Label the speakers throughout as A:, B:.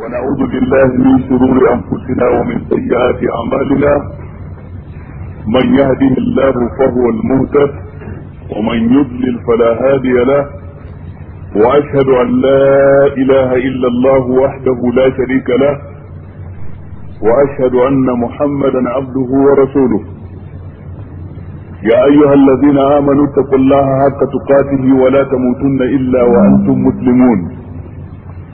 A: ونعوذ بالله من شرور انفسنا ومن سيئات اعمالنا من يهده الله فهو المهتد ومن يضلل فلا هادي له واشهد ان لا اله الا الله وحده لا شريك له واشهد ان محمدا عبده ورسوله يا ايها الذين امنوا اتقوا الله حق تقاته ولا تموتن الا وانتم مسلمون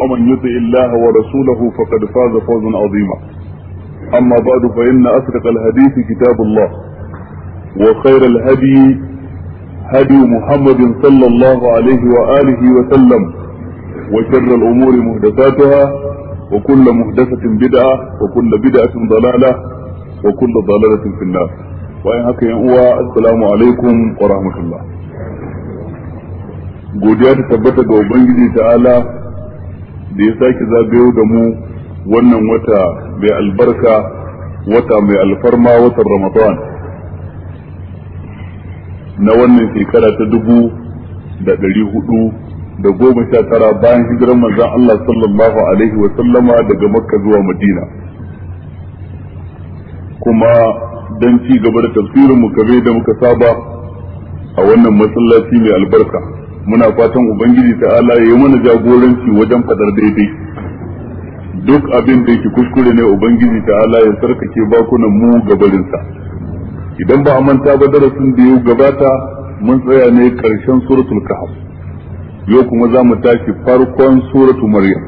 A: ومن يطع الله ورسوله فقد فاز فوزا عظيما أما بعد فإن أصدق الحديث كتاب الله وخير الهدي هدي محمد صلى الله عليه وآله وسلم وشر الأمور محدثاتها وكل محدثة بدعة وكل بدعة ضلالة وكل ضلالة في النار وإن هكا السلام عليكم ورحمة الله godiya ta tabbata ga Ubangiji ta'ala da ya sake zagayo da mu wannan wata mai albarka wata mai alfarma watan ramadan na wannan shekara ta dubu da ɗari hudu da goma sha tara bayan hijiran manzon Allah sallallahu alaihi daga makka zuwa madina kuma don ci gaba da tafsirin mu kabe da muka saba a wannan masallaci mai albarka muna fatan ubangiji ta ya yi mana jagoranci wajen fadar daidai duk abin da yake kuskure ne ubangiji ta ala ya sarkake bakunan mu gabarinsa idan ba a manta ba darasin da ya gabata mun tsaya ne karshen suratul kahf yau kuma za mu tashi farkon suratu maryam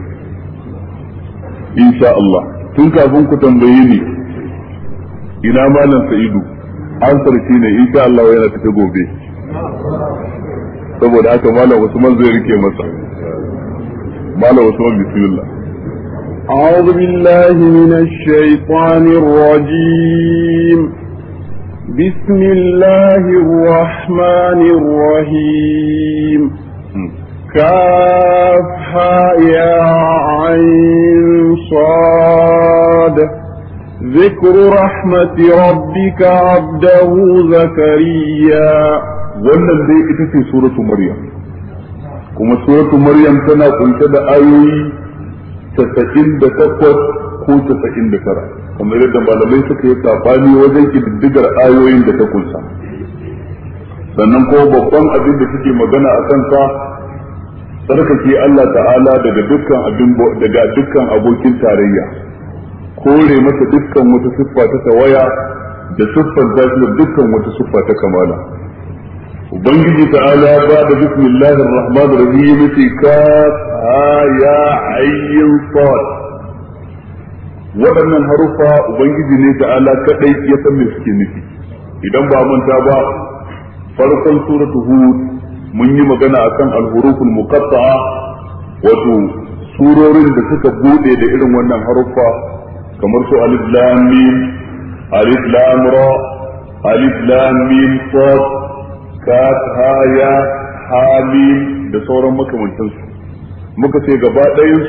A: insha Allah tun kafin ku tambaye ni ina malam sa'idu ansar shine insha Allah yana tafi gobe saboda haka malam usman zai rike masa malam usman bismillah
B: أعوذ بالله من الشيطان الرجيم بسم الله الرحمن الرحيم كافها يا عين صاد ذكر رحمة ربك عبده زكريا wannan
A: dai ita ce suratu maryam kuma suratu maryam tana kunshe da ayoyi casa'in da takwas ko casa'in da tara kamar yadda malamai suka yi sabani wajen ƙididdigar ayoyin da ta kunsa sannan kuma babban abin da suke magana a kansa tsarkake Allah ta'ala daga dukkan abin daga dukkan abokin tarayya kore masa dukkan wata siffa ta tawaya da siffar zafi da dukkan wata siffa ta kamala ubangiji ta'ala ba da bismillahir rahmanir rahim yace ka ya ayyin sad waɗannan harufa ubangiji ne ta'ala kadai ya san me suke nufi idan ba manta ba farkon suratu hud mun yi magana akan al-huruful muqatta'a wato surorin da suka bude da irin wannan harufa kamar su alif lam mim alif lam ra alif lam mim sad ka haya hamim da sauran su muka ce gaba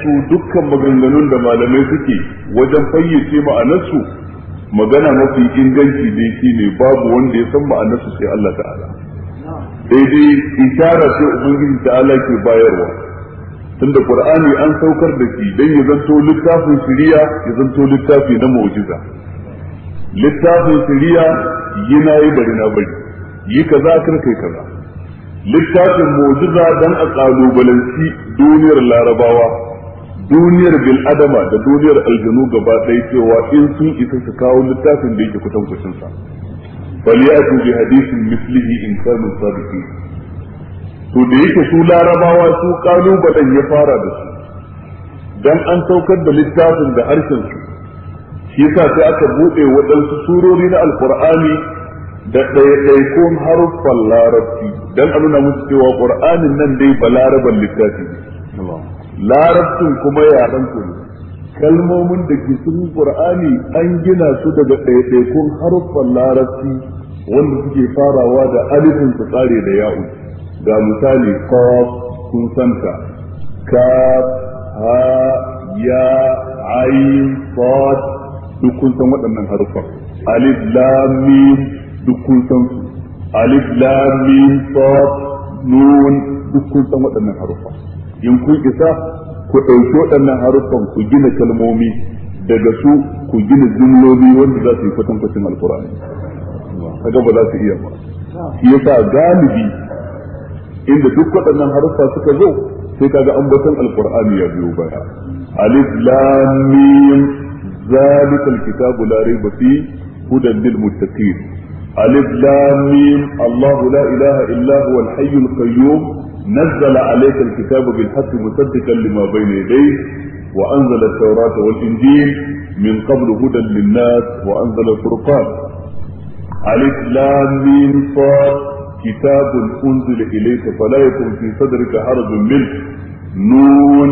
A: su dukkan maganganun da malamai suke wajen fayyace ma'anarsu magana mafi inganci da yake ne babu wanda ya san ma'anarsu sai Allah ta'ala daidai ishara ce ubangiji ta'ala ke bayarwa tunda qur'ani an saukar da shi dan ya zanto littafin siriya ya zanto littafi na mu'jiza littafin shari'a yana yi bari na bari yi kaza kar kai kaza littafin mu'jiza dan a kalubalanci duniyar larabawa duniyar bil adama da duniyar aljanu gaba ɗaya cewa in sun isa su kawo littafin da yake kutankucin sa فليأتوا بحديث مثله in كانوا صادقين to da yake su larabawa su kalubalen ya fara da su dan an saukar da littafin da harshen su shi yasa sai aka bude waɗansu surori na alqur'ani da ko haruffan larabci don a nuna musu cewa ƙur'anin nan dai ba laraban littafi ne larabcin kuma ya ku ne kalmomin da ke sun ƙur'ani an gina su daga ko haruffan larabci wanda suke farawa da alifin su tsare da ya'u ga misali kawaf sun santa ka ha ya ayin sad duk waɗannan haruffan alif lam mim duk kun san su alif lam mim sad nun duk kun san waɗannan haruffa in kun isa ku ɗauki waɗannan haruffan ku gina kalmomi daga su ku gina jumloli wanda za su yi kwatankwacin alkur'ani kaga ba za su iya ba shi yasa galibi inda duk waɗannan haruffa suka zo sai kaga an ambaton alkur'ani ya biyo baya alif lam mim zalikal kitabu la raiba fi hudan lil muttaqin ألف لام ميم الله لا إله إلا هو الحي القيوم نزل عليك الكتاب بالحق مصدقا لما بين يديه وأنزل التوراة والإنجيل من قبل هدى للناس وأنزل الفرقان ألف لام ميم صاد كتاب أنزل إليك فلا يكن في صدرك حرج منه نون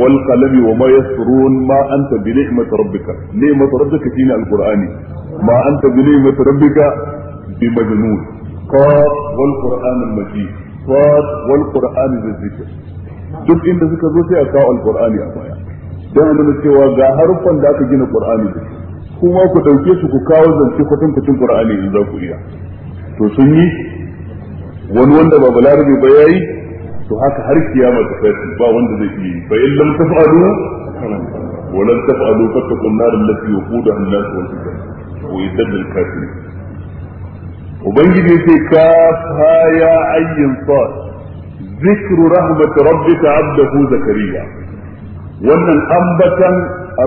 A: والقلم وما يسرون ما أنت بنعمة ربك نعمة ربك فينا القرآن ما أنت بنعمة ربك بمجنون قاف والقرآن المجيد قاف والقرآن ذي الذكر duk inda suka zo sai a kawo alqur'ani a baya dan nuna cewa ga haruffan da aka gina qur'ani da shi kuma ku dauke su ku kawo zance kwatan kwatan qur'ani in za ku iya to sun yi wani wanda ba balarabe ba yayi to haka har kiyama ta kai ba wanda zai yi fa in lam taf'alu wa lam taf'alu fattaqun nar allati waqudaha an-nas wal hijab wa yadda al-kafirin ubangiji sai ka ya ayyin sad zikru rahmat rabbika abdahu zakariya wannan ambatan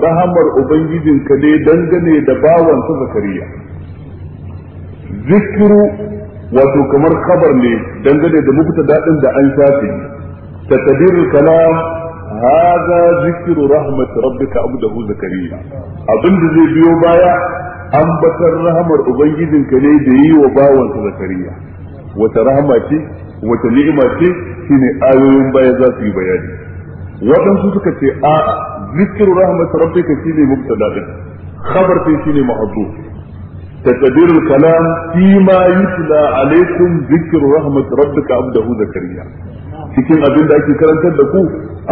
A: rahamar ubangijinka ne dangane da bawansa zakariya zikru wato kamar kabar ne dangane da mubta dadin da an shafi takadir kalam hadha zikru rahmat rabbika abdahu zakariya abinda zai biyo baya ambatar rahamar ubangijinka ne da yi wa bawansa zakariya wata rahama ce wata ni'ima ce shine ayoyin baya za su yi bayani waɗansu suka ce a zikiru rahmat rabbika shine mubtada din khabar ce shine mahdhuf تقدير الكلام فيما يتلى عليكم ذكر رحمة ربك عبده زكريا cikin abin da ake karantar da ku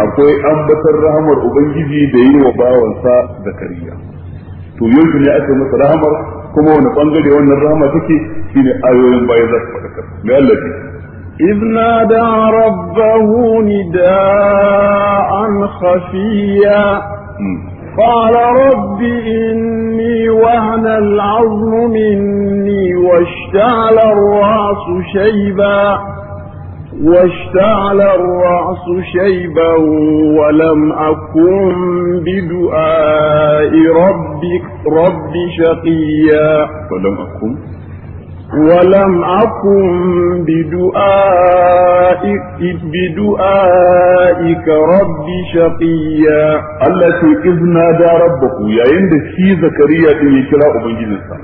A: akwai ambatar rahamar ubangiji da yi wa bawansa zakariya to yanzu ne aka masa rahamar kuma wani bangare wannan rahama take shine ayoyin bayan za su faɗakar
B: mai Allah ce إذ نادى ربه نداء خفيا
C: قال رب
B: إني وهن العظم مني واشتعل الرأس شيبا واشتعل الرأس شيبا ولم أكن بدعاء ربك رب شقيا
A: ولم أكن
B: ولم أكن بدعائك بدعائك رب شقيا التي إذ نادى
A: ربه يا عند في زكريا إن أبنجي أبنجلسا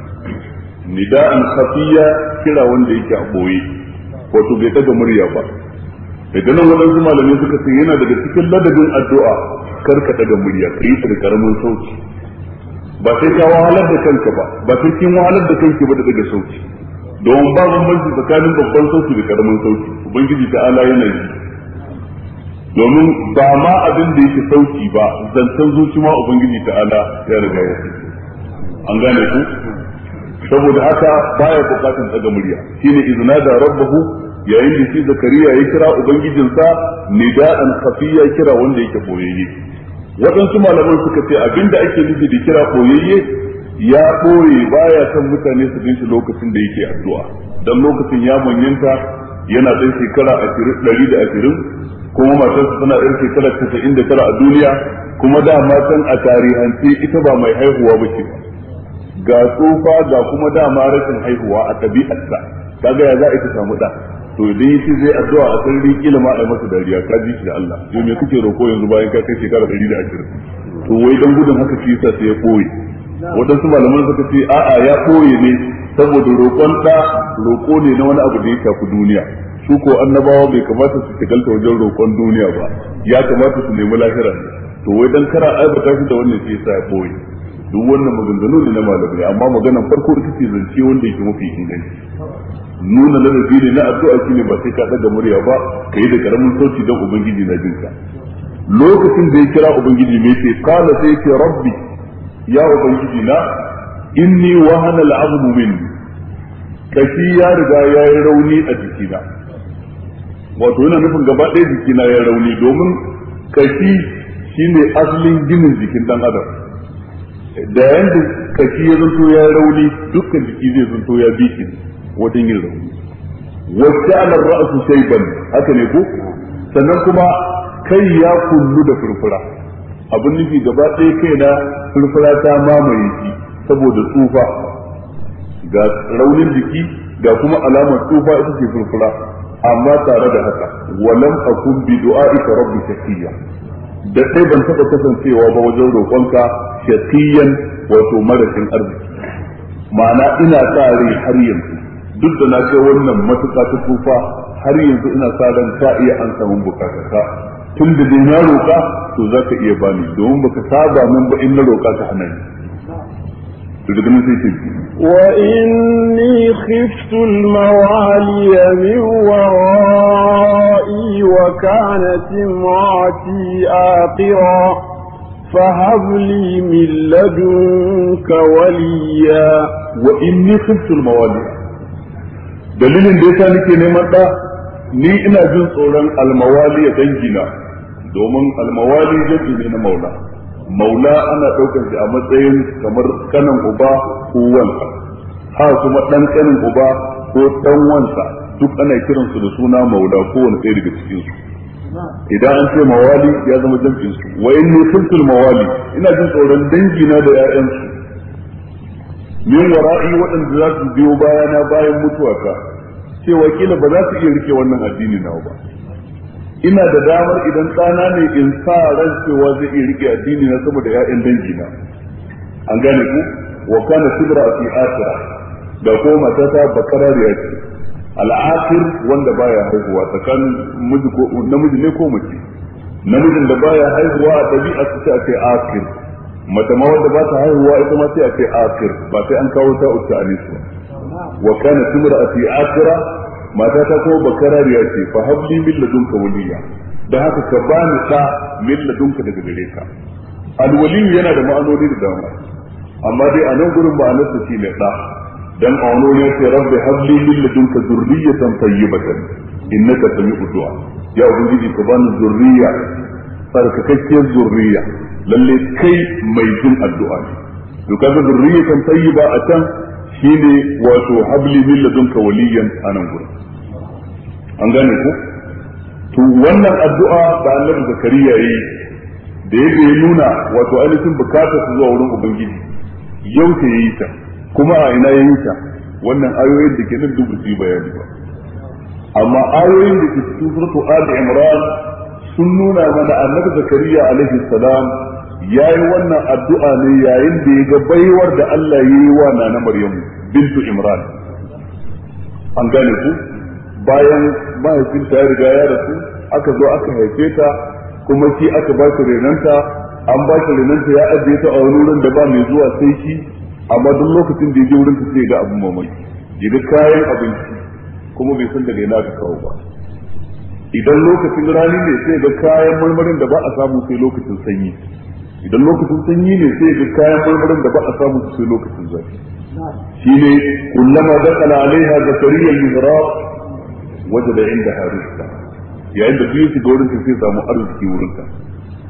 A: نداء خفيا كلا وندي كأبوي wato bai daga murya ba idan nan waɗansu malamai suka ce yana daga cikin ladabin addu'a kar ka daga murya kai ta karamin sauti ba sai ka wahalar da kanka ba ba sai kin wahalar da kanki ba da daga sauti don ba bambanci tsakanin babban sauti da karamin sauti ubangiji ta ala yana yi domin ba ma abin da yake sauki ba zancen zuci ma ubangiji ta ala ya riga ya an gane ku saboda haka baya bukatun daga murya shine izna da rabbahu yayin da shi zakariya ya kira ubangijinsa nida'an khafiya kira wanda yake boyayye waɗansu malamai suka ce abinda ake nufi da kira boyayye ya boye baya son mutane su ganshi lokacin da yake addu'a dan lokacin ya manyanta yana dan shekara 120 da kuma matarsa tana ɗan shekara casa'in da a duniya kuma da matan a tarihance ita ba mai haihuwa ba ce ba ga tsufa ga kuma dama rashin haihuwa a ɗabi'arsa kaga ya za a ta samu da, to idan yace zai addu'a a kan kila ma a masa dariya ka ji shi da Allah to me kuke roko yanzu bayan ka kai shekara 120 to wai dan gudun haka shi yasa sai ya koyi su malaman suka ce a'a ya koyi ne saboda roƙon da roƙo ne na wani abu da ya shafi duniya su ko annabawa bai kamata su shigalta wajen roƙon duniya ba ya kamata su nemi lahira to wai dan kara aibata shi da wannan shi yasa ya koyi duk wannan maganganu ne na malamai amma maganar farko da ce zance wanda yake mafi inganci nuna ladabi ne na addu'a shi ne ba sai ka daga murya ba ka yi da karamin sauti don ubangiji na jin ka lokacin da ya kira ubangiji mai ce kala sai ce rabbi ya ubangiji na inni wahana al'azmu minni kashi ya riga ya yi rauni a jikina wato yana nufin gaba ɗaya jikina ya rauni domin kashi shine asalin ginin jikin dan adam da yanda kashi ya zanto ya rauni dukkan jiki zai zanto ya bi shi wajen yin rauni Wasu ana ra'asu ban haka ne ko sannan kuma kai ya kullu da furfura abin nufi gaba ɗaya kai na furfura ta mamaye shi saboda tsufa ga raunin jiki ga kuma alamar tsufa ita ce furfura amma tare da haka walam akun bi ita rabbi shakiyya da sai ban taɓa kasancewa ba wajen roƙonka shaqiyan wato marasin arziki ma'ana ina sa rai har yanzu duk da na kai wannan matuƙa ta tufa har yanzu ina sa ran ka iya an samun ta tun da dai na roƙa to za ka iya bani domin baka saba min ba in na roƙa ka hana ni
B: وإني خفت الموالي من ورائي وكانت امرأتي آقرا فهب لي من لدنك وليا وإني خفت الموالي
A: dalilin da yasa nake neman ɗa ni ina jin tsoron almawali ya dangina domin almawali dangi ne na maula maula ana ɗaukar shi a matsayin kamar kanan uba ko wansa ha kuma ɗan kanin uba ko ɗan wansa duk ana kiransu da suna maula kowane ɗaya daga cikinsu
C: idan an ce mawali
A: ya zama jamfin su wa ne kuntul mawali ina jin tsoron dangi na da ƴaƴan su min wara'i waɗanda za su biyo bayana bayan mutuwata ce wakila ba za su iya rike wannan addini nawa ba ina da damar idan tsana ne in sa ran cewa zai iya rike addini na saboda 'ya'yan dangi na an gane ku wa kana kubra fi asira da ko matata bakarariya ce al'akir wanda baya haihuwa tsakanin miji ko namiji ne ko mace namijin da baya haihuwa a dabi'a su ce a ce akir mace ma wanda ba ta haihuwa ita ma sai a ce akir ba sai an kawo ta uta anisu wa kana fi akira mata ta ko riya ce fa habbi min ladunka waliya da haka ka bani ta min ladunka daga gare ka alwali yana da ma'anoni da dama amma dai a nan gurin ba ma'anarsa shi ne da dan a wani wuri sai rabbi habli min ladunka zurriyatan tayyibatan innaka sami'ud du'a ya ubangiji ka bani zurriya sarkakakkiyar zurriya lalle kai mai jin addu'a ne to kaga zurriyatan tayyiba a can shine wato habli min ladunka waliyan anan gurin an gane ku to wannan addu'a da annabi zakariya yayi da yake nuna wato ainihin bukatar zuwa wurin ubangiji yau ta yi ta kuma a ina ya yi wannan ayoyin da ke nan duk su bayani ba amma ayoyin da ke cikin suratul ali imran sun nuna mana annabi zakariya alaihi salam yayi wannan addu'a ne yayin da ya ga baiwar da Allah ya yi wa nana maryamu bintu imran an gane ku bayan mahaifinta ya riga ya rasu aka zo aka haife ta kuma shi aka ba shi renanta an ba shi renanta ya ajiye ta a wani wurin da ba mai zuwa sai shi amma duk lokacin da ya je wurin ta sai ga abin mamaki ya ga kayan abinci kuma bai san daga yana ka kawo ba idan lokacin rani ne sai ga kayan marmarin da ba a samu sai lokacin sanyi idan lokacin sanyi ne sai ga kayan marmarin da ba a samu sai lokacin zafi shi ne kullama dakala alaiha zakariya wajen da inda harin ta yayin da duk su ga wurin sai samu arziki wurin ka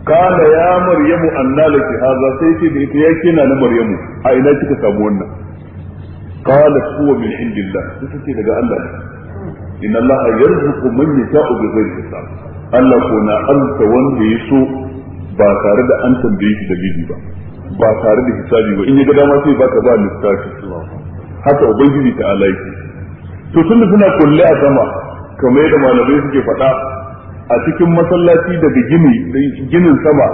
A: kala ya maryamu anna laki hadha sai ce da ita yake na maryamu a ina kika samu wannan qala huwa min indillah sai ce daga Allah inna Allah yarzuqu man yasha'u bi ghairi hisab Allah ko na alta wanda ya so ba tare da an tambaye shi dalili ba ba tare da hisabi ba in ya ga dama sai baka ba lissafi haka ubangiji ta alaiki to tunda suna kulle a sama kamar yadda malamai suke faɗa a cikin masallaci daga gini da ginin sama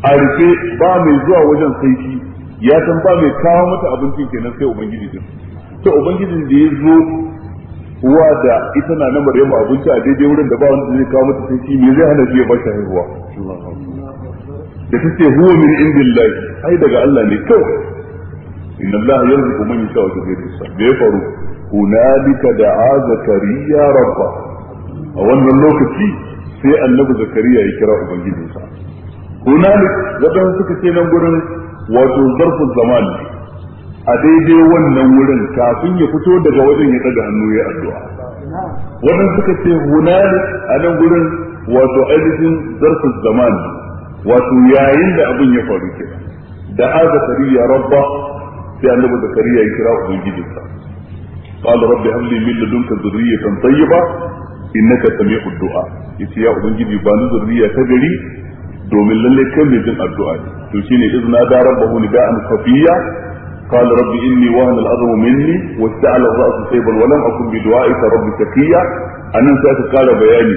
A: a rike ba mai zuwa wajen sai shi ya san ba mai kawo mata abinci kenan sai ubangiji din to ubangiji da ya zo uwa da ita na na maryamu abinci a daidai wurin da ba wanda zai kawo mata sai shi me zai hana shi ya bashi haihuwa da ta ce huwa min indillahi ai daga Allah ne to inna Allah yarzuqu man yasha'u bi ghairi hisab da ya faru hunalika da'a zakariya rabba a wannan lokaci sai annabi zakariya ya kira ubangijinsa hunalik wadanda suka ce nan gurin wato zarfin zamani a daidai wannan wurin kafin ya fito daga wajen ya daga hannu ya addu'a wadanda suka ce hunalik a nan gurin wato ainihin zarfin zamani wato yayin da abin ya faru kenan da aga zakariya rabba sai annabi zakariya ya kira ubangijinsa قال رب هب لي من لدنك ذرية طيبة innaka sami'ud du'a yace ya ubangiji ba ni zurriya ta gari domin lalle kai mai jin addu'a ne to shine izna da rabbahu nida'an khafiya قال رب إني وهن العظم مني واستعل الرأس شيبا ولم أكن بدعائك رب شقيا أن أنت قال بياني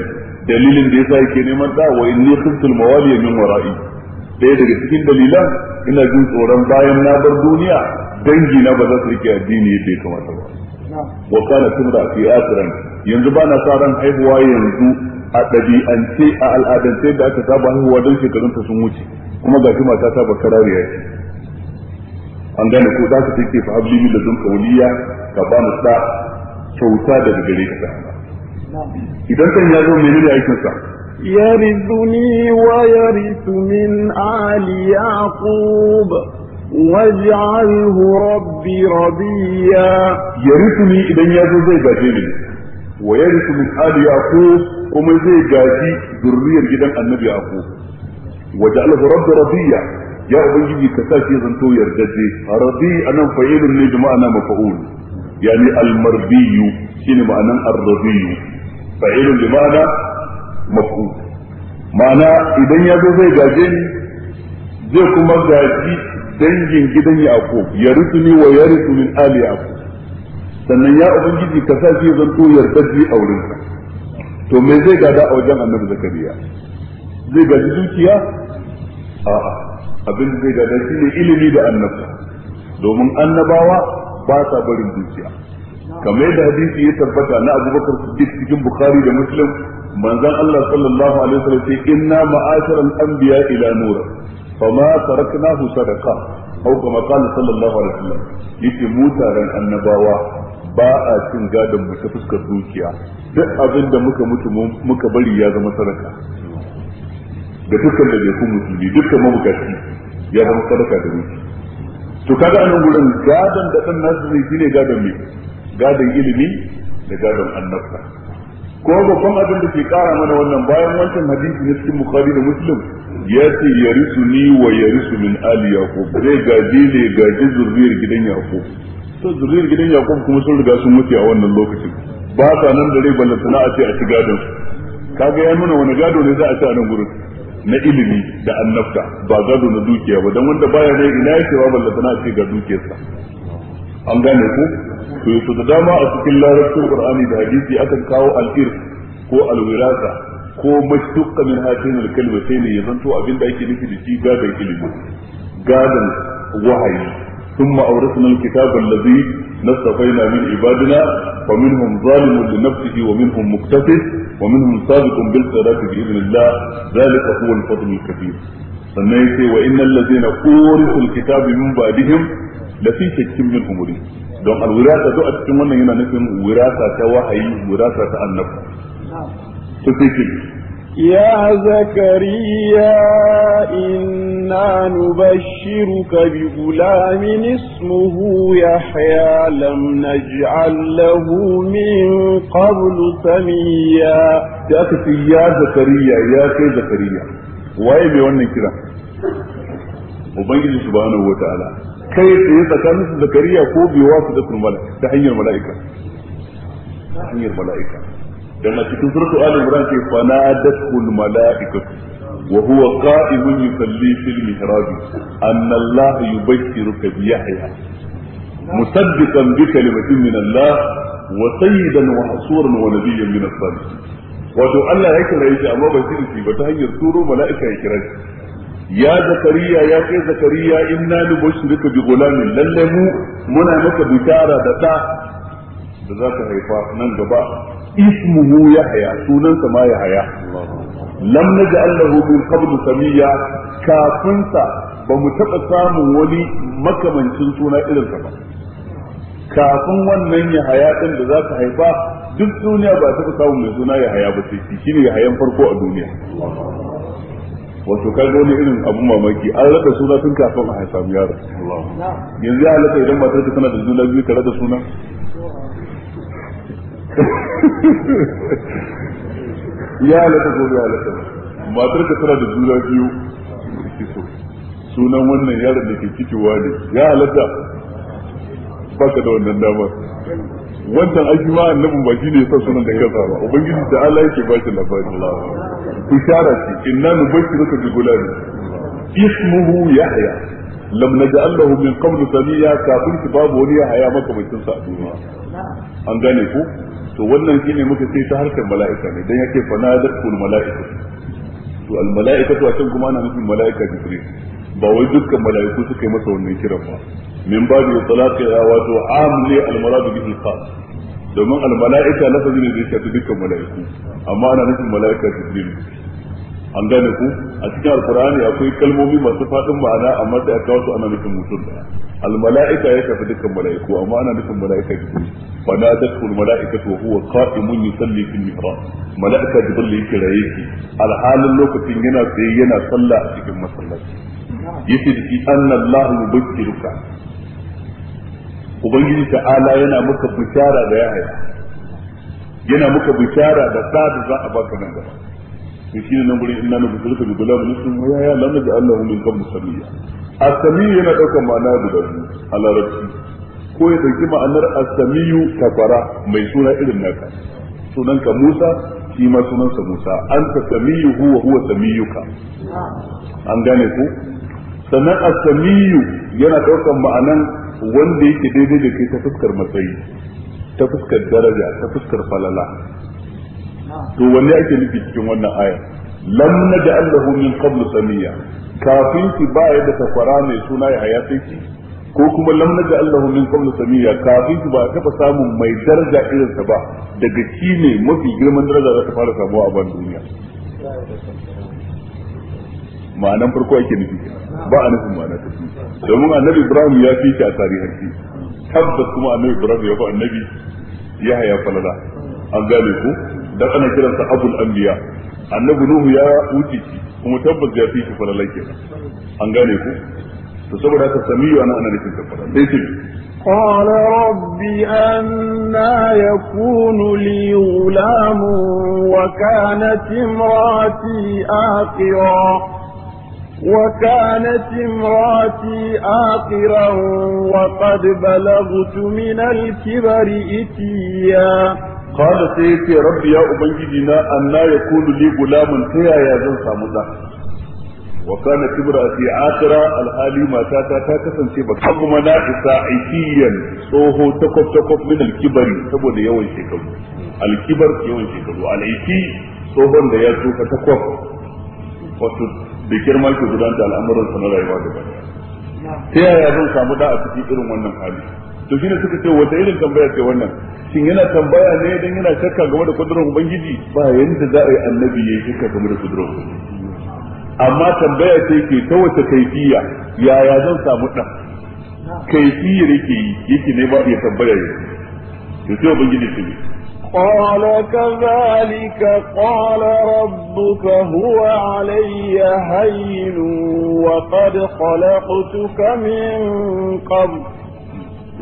A: دليل ديسا يكي نيمان وإني خفت الموالي من ورائي Daya daga cikin dalilan ina jin tsoron bayan na bar duniya dangi na ba za su addini yadda ya kamata ba wa kana tumra fi asiran yanzu bana sa ran haihuwa yanzu a ɗabi'ance a al'adance da aka saba haihuwa don shekarunta sun wuce kuma ga shi ta bakarariya ce an gane ko za take fa habli da zun kauliya ka ba mu da kyauta daga gari ka idan kan ya zo menene aikin sa
B: yarithuni wa yarithu min ali واجعله ربي رضيا يرثني
A: إذا يزو زي جاجيني ويرث من آل يعقوب ومن زي جاجي ذرية جدا النبي يعقوب وجعله ربي رضيا يا أبنجي كساكي زنتو يرجدي رضي أنا فعيل من جماعنا مفعول يعني المرضي شنو معنى الرضي فعيل بمعنى مفعول معنى إذا يزو زي جاجيني زي كما جاجي dangin gidan yaqub yarithuni wa yarithu min ali yaqub sannan ya ubangiji ka sa shi zanto yardaji a wurin ka to me zai gada a wajen annabi zakariya zai gaji dukiya a'a abin zai gada ne ilimi da annabta domin annabawa ba sa barin dukiya kamar yadda hadisi ya tabbata na abubakar siddiq cikin bukhari da muslim manzon Allah sallallahu alaihi wasallam sai inna ma'ashara al-anbiya ila nura فما تركناه صدقة أو كما قال صلى الله عليه وسلم يتي موتا رن ba a cin gadon mu ta fuskar dukiya duk abin da muka mutu muka bari ya zama sadaka da dukkan da bai kuma musulmi dukkan mabukaci ya zama sadaka da wuce to kaga anan gurin gadon da dan nasu zai shine gadon me gadon ilimi da gadon annabta ko babban abin da ke kara mana wannan bayan wancan hadisi na cikin bukhari da muslim ya ce ya risu ni wa ya risu min ali yaqub zai gaji ne gaji zurriyar gidan yaqub to zurriyar gidan yaqub kuma sun riga sun mutu a wannan lokacin ba sa nan da rai balle sana'a ce a ci gadon kaga ya nuna wani gado ne za a ci a nan gurin na ilimi da annabta ba gado na dukiya ba dan wanda baya rai ina yake ba balle sana'a ce ga dukiyarsa an gane ku to yaso da dama a cikin larabcin qur'ani da hadisi akan kawo al irs ko al-wirasa ko mashtuqa min hatin al-kalmatayn ya zanto abinda ake nufi da shi gadan ilimi gadan wahayi thumma awrasna al-kitaba alladhi nastafaina min ibadina wa minhum zalimun li nafsihi wa minhum muktasib wa minhum sabiqun bil khairat bi idhnillah dhalika huwa al-fadl al-kabir sannan yace wa innal ladhina urithul kitaba min ba'dihim la fi shakkin min umuri don al-wirasa duk a cikin wannan yana nufin wirasa ta wahayi wirasa ta annabi to sai
B: يا زكريا إنا نبشرك بغلام اسمه يحيى لم نجعل له من قبل سميا يا يا زكريا
A: يا كي زكريا waye mai wannan kira ubangiji subhanahu wataala kai tsaye tsakanin su zakariya ko biwa su da ta hanyar mala'ika ta hanyar mala'ika dan cikin suratul ali imran sai fa nadatul malaikatu wa huwa qa'imun yusalli fil mihrab anna allaha yubashshiruka bi yahya musaddiqan bi kalimatin min allah wa sayyidan wa hasuran wa nabiyyan min as-salihin wato Allah ya kira shi amma bai shi ba ta hanyar turo mala'ika ya kira shi ya zakariya ya kai zakariya inna nubashshiruka bi ghulamin lalle mu muna maka bishara da da za ka haifa nan gaba ismuhu yahya sunansa ma yahya lam naj'al lahu min qablu samiyya kafin sa ba mu taba samun wani makamancin suna irin sa ba kafin wannan yahya ɗin da za ta haifa duk duniya ba ta samu mai suna yahya ba sai ne yahyan farko a duniya wato ka wani irin abu mamaki an raka suna tun kafin a haifa yaro yanzu ya halatta idan matar ta tana da juna biyu ka rada suna ya halatta ko ya halatta matar ka tana da juna biyu sunan wannan yaron da ke cikewa ne ya halatta baka da wannan damar wannan aiki ma annabin ba shine yasa sunan da kansa ba ubangiji da Allah yake ba shi labarin Allah ishara ce inna nubashiruka bi gulani ismuhu yahya lam naj'al lahu min qablu samiya kafin babu wani yahya maka bacin sa a duniya an gane ku to wannan ne muka sai ta harkar mala'ika ne don yake fa nadatul mala'ika to al mala'ika to can kuma ana nufin mala'ika jibril ba wai dukkan mala'iku suka yi masa wannan kiran ba min babu ya wato amli al marad bihi khas domin al mala'ika lafazi ne da yake dukkan mala'iku amma ana nufin mala'ika jibril an gane ku a cikin alkur'ani akwai kalmomi masu faɗin ma'ana amma sai a kawo su ana nufin mutum daya الملائكة يكفي ذكر الملائكة وما أنا ذكر الملائكة جبريل فنادته الملائكة وهو قائم يصلي في المحراب ملائكة جبريل كرايك على حال اللوكة ينا سينا صلى في المصلاة يسير في أن الله يبكرك Ubangiji ta'ala yana maka bishara da yahaya yana maka bishara da sa da za a baka nan gaba to shine nan gurin inna nabtulka bi gulamin ism wa ya ya bi naj'alahu min qabl samiyya as yana daukar ma'ana guda biyu a larabci ko ya dauki ma'anar asamiyu samiyyu kafara mai suna irin naka sunanka Musa shi ma sunansa Musa anta samiyyu huwa huwa samiyuka an gane ku sannan asamiyu yana daukar ma'anan wanda yake daidai da kai ta fuskar matsayi ta fuskar daraja ta fuskar falala to wanne ake nufi cikin wannan aya lam naj'al lahu min qablu samiyya kafin ki ba yadda da safara mai suna ya haya ko kuma lam naj'al lahu min qablu samiyya kafin ki ba ka samun mai daraja irin sa ba daga shi ne mafi girman daraja za ta fara samu a ban duniya ma'anan farko ake nufi ba a nufin ma'ana ta domin annabi ibrahim ya fi shi a tarihanci tabbas kuma annabi ibrahim ya fi annabi ya haya falala an gane ku dan ana kiransa abul anbiya annabi nuhu ya wuce kuma tabbas ya fi shi falalai an gane ku to saboda ka sami samiyu ana ana nufin tabbata dai ce
B: قال رب أنا يكون لي غلام وكانت امرأتي آقرا وكانت امرأتي آقرا وقد بلغت من الكبر إتيا qala sai yace rabbi ya ubangiji na anna yakunu li gulamin
A: ta yaya zan samu da wa kana kibra fi akira alhali mata ta ta kasance ba kuma na isa aikiyan tsoho takwaf takwaf min alkibari saboda yawan shekaru alkibar yawan shekaru alaiki tsohon da ya tuka takwaf wato da girma ke gudanar da al'amuran sa na rayuwa gaba ta yaya zan samu da a cikin irin wannan hali to shine suka ce wata irin tambaya ce wannan shin yana tambaya ne dan yana shakka game da kudurar ubangiji ba yanda za a yi annabi ya shakka game da kudurar amma tambaya ce ke ta wata kaifiya yaya zan samu dan kaifiyar yake yi yake ne ba ya tambaya ne to sai ubangiji ce
B: قال كذلك قال ربك هو علي هين وقد خلقتك من قبل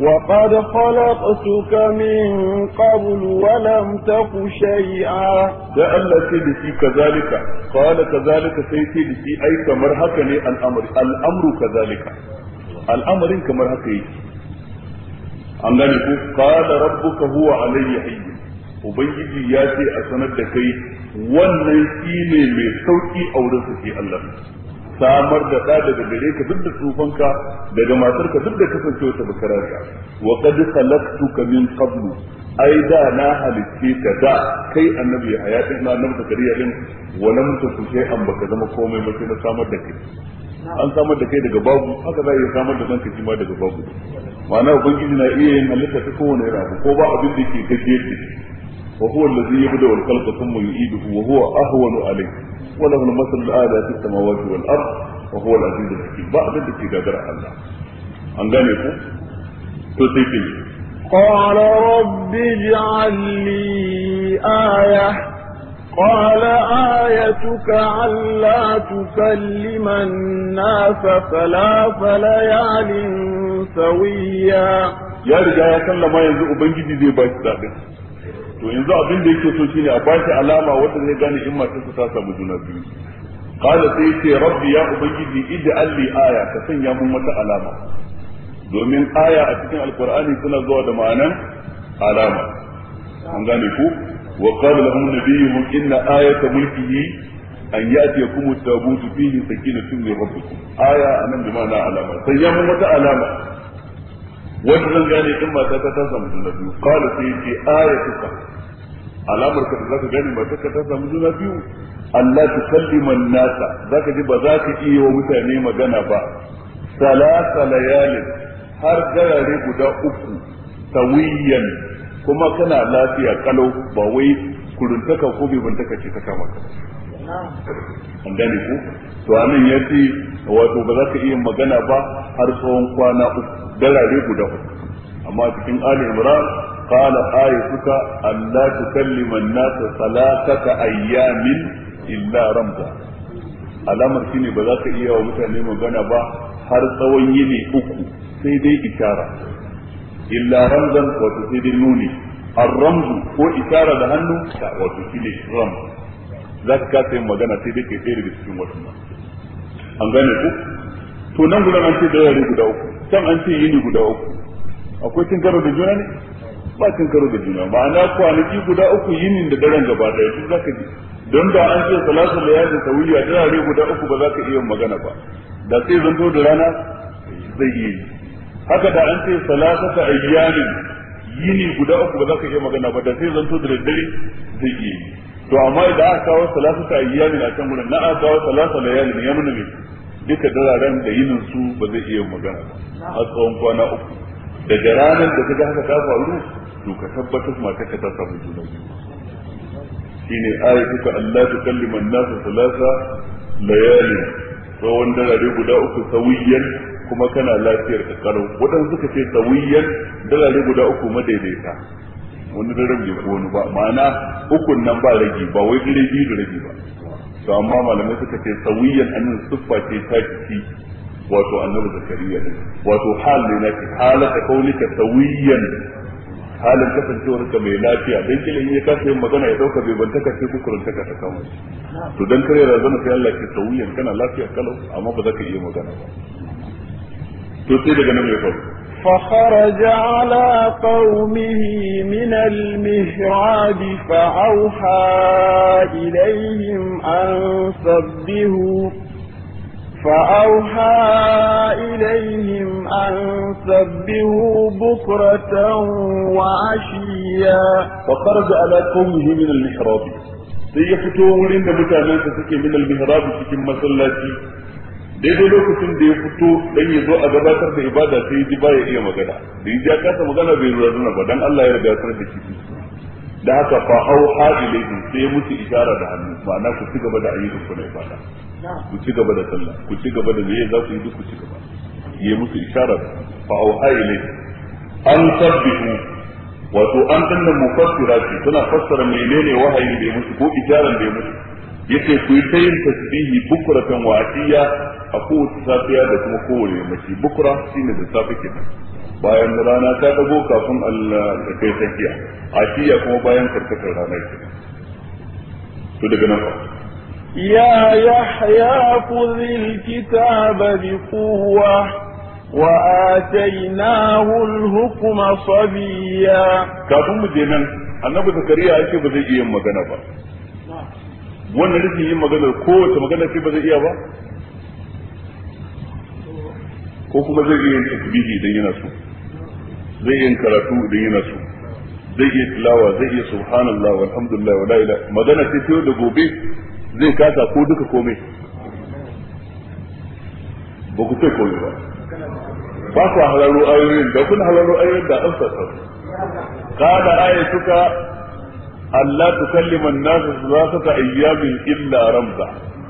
B: وقد خلقتك من قبل ولم تك شيئا da Allah sai da shi kazalika qala
A: kazalika sai sai da shi ai kamar haka ne al'amru kazalika al'amarin kamar haka yake an gane ku qala rabbuka huwa alayya hayy ya ce a sanar da kai wannan shi ne mai sauƙi a wurin sa samar da ɗa daga gare ka duk da tsufanka daga ka duk da kasancewa ta ka wa qad khalaqtuka min qablu ai da na halicce ka da kai annabi a yaɗin na gari zakariya din wa lam taku an baka zama komai ba sai na samar da kai an samar da kai daga babu haka za a iya samar da kanka shi ma daga babu ma'ana ubangiji na iya yin halitta ta kowane rabu ko ba abin da ke kake shi wa huwa allazi yabda wal khalqa thumma yu'iduhu wa huwa ahwanu alayhi وله المثل الاعلى في السماوات والارض وهو العزيز الحكيم بعد ذلك قدر الله
B: عن ذلك ku قال رب اجعل لي آية
C: قال آيتك ألا
B: تكلم الناس ثلاث ليال سويا يا رجال كلا ما
A: ينزل أبنجي دي باش to yanzu abin da yake so shine a bashi alama wanda zai gane in matar ta samu juna biyu
C: qala sai ce rabbi
A: ya ubangiji ij'al li aya ka sanya mun wata alama domin aya a cikin alqur'ani suna zuwa da ma'anan alama an gane ku wa qala lahum nabiyyuhum inna ayata mulkihi an yatiyakum at-tabut fihi sakinatun min rabbikum aya anan bi ma'ana alama sanya mun wata alama wanda zan gane in mata ta samu juna biyu qala sai ce ayatuka alamar ka za ka gani mata ka ta samu juna biyu Allah ta kalliman nasa za ka ji ba za ka iya wa mutane magana ba salasa layalin har garare guda uku tawiyan kuma kana lafiya kalau ba wai kuruntaka ko bai bantaka ce ta kama ka an gane ku to anan ya ce wato ba za ka iya magana ba har tsawon kwana uku garare guda uku amma cikin Ali Imran qala ayatuka alla tukallima an-nasa salatata ayyamin illa ramza alamar shi ne ba za ka iya wa mutane magana ba har tsawon yini uku sai dai isharar illa ramzan wato sai dai nuni ar-ramzu ko isara da hannu ka wato shine ram za ka kasa yin magana sai dai kai tsaye da cikin wasu an gane ku to nan gudan an ce da yare guda uku can an ce yini guda uku akwai cin karo da juna ne ba cin karo da juna ma'ana kwanaki guda uku yinin da daren gaba daya duk zaka ji don da an ce salatu layalin tawiyya dare guda uku ba za ka iya magana ba da sai zanto da rana zai yi haka da an ce salatu ayyamin yini guda uku ba za ka iya magana ba da sai zanto da dare zai yi to amma idan aka kawo salatu ayyamin a can gurin na aka kawo salatu layalin ya nuna me duka dararen da yinin su ba zai iya magana ba a tsawon kwana uku
C: daga ranar da ta
A: kaga haka ta faru to ka tabbatar matar ka ta samu juna biyu shine kuka Allah ta kallima nasu salasa layalin tsawon dalare guda uku sawiyan kuma kana lafiyar ka karau waɗansu suka ce sawiyan dalare guda uku madaidaita wani daren bai ko wani ba ma'ana ukun nan ba rage ba wai dare biyu da rage ba to amma malamai suka ce sawiyan annin siffa ce ta ciki wato annabi zakariya wato hal ne na halaka kaunika sawiyan halin kasancewar ka mai lafiya dan kila in ya kasa yin magana ya dauka bai bantaka sai kukurin taka ta kama to dan kare razana sai Allah ke sauyin kana lafiya kalau amma ba za ka iya magana ba to sai daga nan ya faru
B: فخرج على قومه من المهراب فأوحى إليهم أن سبهوا فأوحى إليهم أن سبهوا بكرة وعشيا وخرج
A: على قومه من المحراب sai ya fito wurin da mutanensa suke min al cikin masallaci daidai lokacin da ya fito dan ya zo a gabatar da ibada sai ji baya iya magana da ya kasa magana bai razana ba dan Allah ya riga sar da shi da haka fa auha ilayhi sai ya mutu isharar da hannu ma'ana ku ci gaba da ayyukan ku na ibada ku ci gaba da sallah ku ci gaba da zai za ku yi duk ku ci gaba yi musu ishara fa auha ne. an sabbihu wato an danna mufassira ce tana fassara menene wahayi da musu ko ijaran da musu yace ku yi tayin yin tasbihi bukratan wa atiya a kowace safiya da kuma kowane mace bukra shine da safe kenan bayan rana ta dago kafin Allah da kai tsakiya atiya kuma bayan karkatar rana kenan to daga nan fa
B: يا يحيى خذ الكتاب بقوة وآتيناه الحكم صبيا كابن مجنن
A: annabi zakariya yake ba zai iya magana ba wannan rikin yin magana kowace magana ce ba zai iya ba ko kuma zai iya yin tasbihi idan yana so zai iya karatu idan yana so zai iya tilawa zai iya magana da gobe zai kasa ko duka komai ba ku ce komai ba ba ku halaro ayoyin da kun halaro ayoyin da an fasa kada suka Allah nasu za su ta ayyamin illa ramza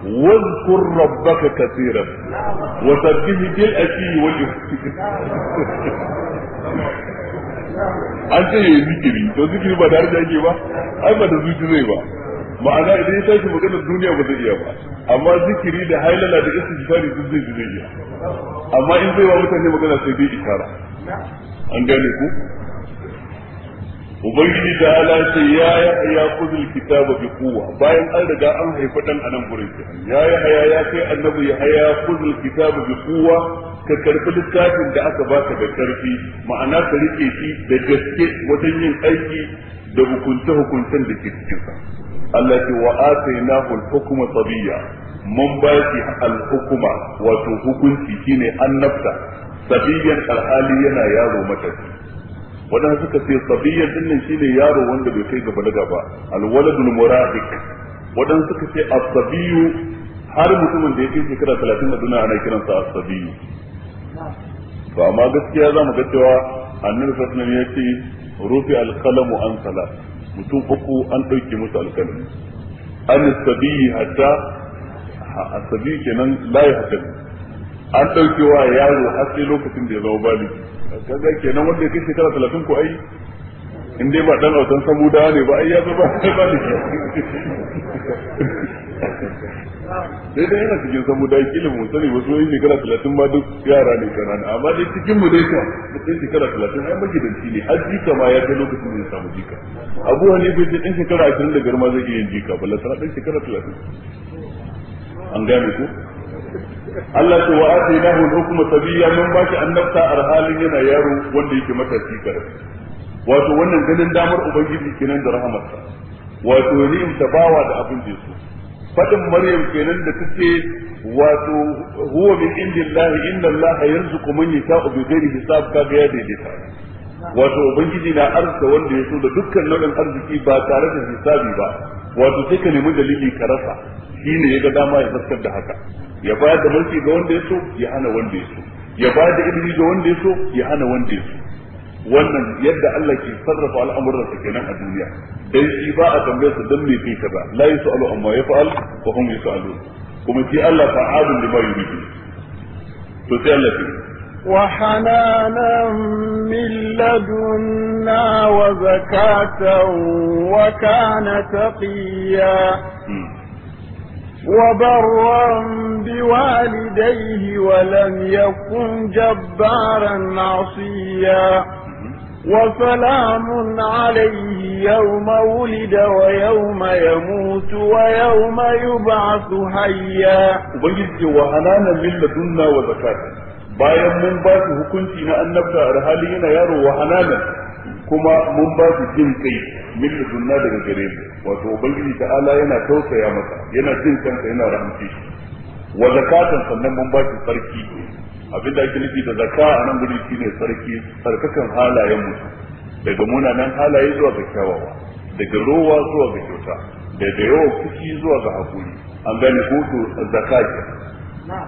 A: واذكر ربك كثيرا
C: وسبه بالأشي والإفكار
A: an ce ya zikiri to zikiri ba da harshe ba ai ba da zuci zai ba ma'ana idan ya tashi maganar duniya ba zai iya ba amma zikiri da hailala da istighfari duk zai zai iya amma in zai wa mutane magana sai bai ikara an gane ku ubangiji da ala ce ya ya ya kuzul kitaba bi quwwa bayan an riga an haifa dan anan gurin shi, ya ya haya ya kai annabi ya haya kuzul kitaba bi quwwa ka karbi littafin da aka baka da karfi ma'ana ka rike shi da gaske wajen yin aiki da hukunce hukuncen da ke cikin sa Allah ce wa atainahu al-hukma sabiyya mun ba shi al-hukma wato hukunci shine annabta sabiyyan al-hali yana yaro matafi wadanda suka ce sabiyyan din nan shine yaro wanda bai kai ga balaga ba al-waladul murahiq wadanda suka ce as sabiyu har mutumin da ya kai shekara 30 da duniya ana sa as sabiyu. to amma gaskiya zamu ga cewa annabi sallallahu alaihi wasallam ya ce rufi al-qalamu an salat mutum uku an ɗauke musu alƙalami an sabiyi hatta a sabi kenan layi hatta
C: an ɗauke wa yaro
A: har sai lokacin da ya zama bali kaga kenan wanda ya kai shekara talatin ko ai in dai ba ɗan autan da ne ba ai ya zama bali sai dai yana cikin samu da kila mu sani wasu yin shekara talatin ma duk yara ne kanana amma dai cikin mu dai kuwa mutum shekara talatin ai magidanci ne har jika ma ya kai lokacin da ya samu jika abu wani bai ce ɗan shekara ashirin da garma zai iya jika balla sana ɗan shekara talatin an gane ko Allah ce wa atainahu al hukuma sabiyya mun baki annabta arhalin yana yaro wanda yake matashi kada wato wannan ganin damar ubangiji kenan da rahamarsa wato in tabawa da abin da yake fadin maryam kenan da take wato huwa min indillahi inna allaha yarzuqu man yasha'u bi ghairi hisab kaga ya daidaita wato ubangiji na arzika wanda ya so da dukkan nau'in arziki ba tare da hisabi ba wato sai ka nemi dalili ka rasa shine ya ga dama ya fuskar da haka ya bayar da mulki ga wanda ya so ya hana wanda ya so ya bayar da ilimi ga wanda ya so ya hana wanda ya so wannan yadda Allah ke sarrafa al'amuran sa kenan a duniya dan shi ba a tambaye su dan me kai ka ba la yusalu amma yaf'al wa hum yusalu kuma shi Allah fa'alun lima yuridu to sai Allah ke
B: وحنانا من لدنا وزكاة وكان تقيا وبرا بوالديه ولم يكن جبارا عصيا وسلام عليه يوم ولد ويوم يموت ويوم يبعث حيا ubangiji وهنانا من لدنا وزكاة bayan mun ba
A: su hukunci na annabta a hali yana yaro wa hananan kuma mun ba su jin kai min ladunna daga gare mu wato ubangiji ta'ala yana tausaya masa yana jin kansa yana rahamce shi wa zakatan sannan mun ba su sarki abin da ake nufi da zakka a nan guri shine sarki sarkakan halayen mutum daga munanan halaye zuwa ga kyawawa daga rowa zuwa ga kyauta daga yawan fushi zuwa ga hakuri an gane hutu a zakka ke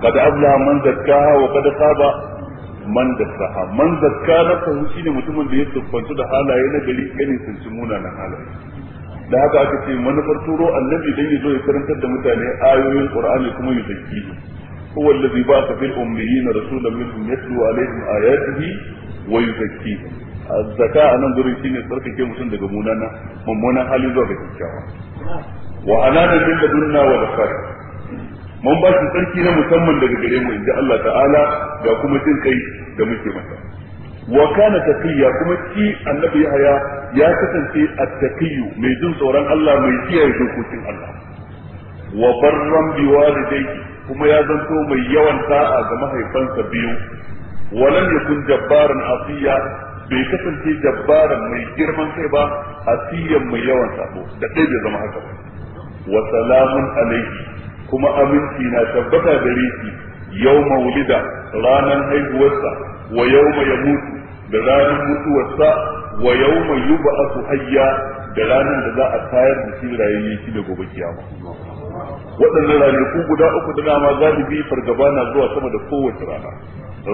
A: kad abla man zakkaha wa kad saba man zakkaha man zakka na fahu shine mutumin da ya tsufantu da halaye na gari gani sun munanan halaye da haka aka ce manufar turo annabi dai yazo ya karantar da mutane ayoyin qur'ani kuma ya zakki su هو الذي بعث في الأميين رسولا منهم يتلو عليهم آياته ويزكيهم الزكاة أنا نقول شيء نترك كي مسند جمونا ممونا حالي زوجة الشعوى وأنا نجد لدنا ودخار mun ba shi sarki na musamman daga gare mu inda Allah ta'ala ga kuma jin kai da muke masa wa kana taqiyya kuma shi annabi Yahaya ya kasance a taqiyyu mai jin tsoron Allah mai kiyaye dokokin Allah wa kuma ya zanto mai yawan sa'a ga mahaifansa biyu walam yakun jabbaran asiya bai kasance jabbaran mai girman kai ba asiyan mai yawan sabo da ɗaya bai zama haka ba wa salamun alaihi kuma aminci na tabbata da shi yau maulida ranar haihuwarsa wa yau ya mutu da ranar mutuwarsa wa yau mai yuba hayya da ranar da za a tayar da shi rayayyaki shi da gobe kiyama waɗannan ranaku guda uku da dama galibi fargaba na zuwa sama da kowace rana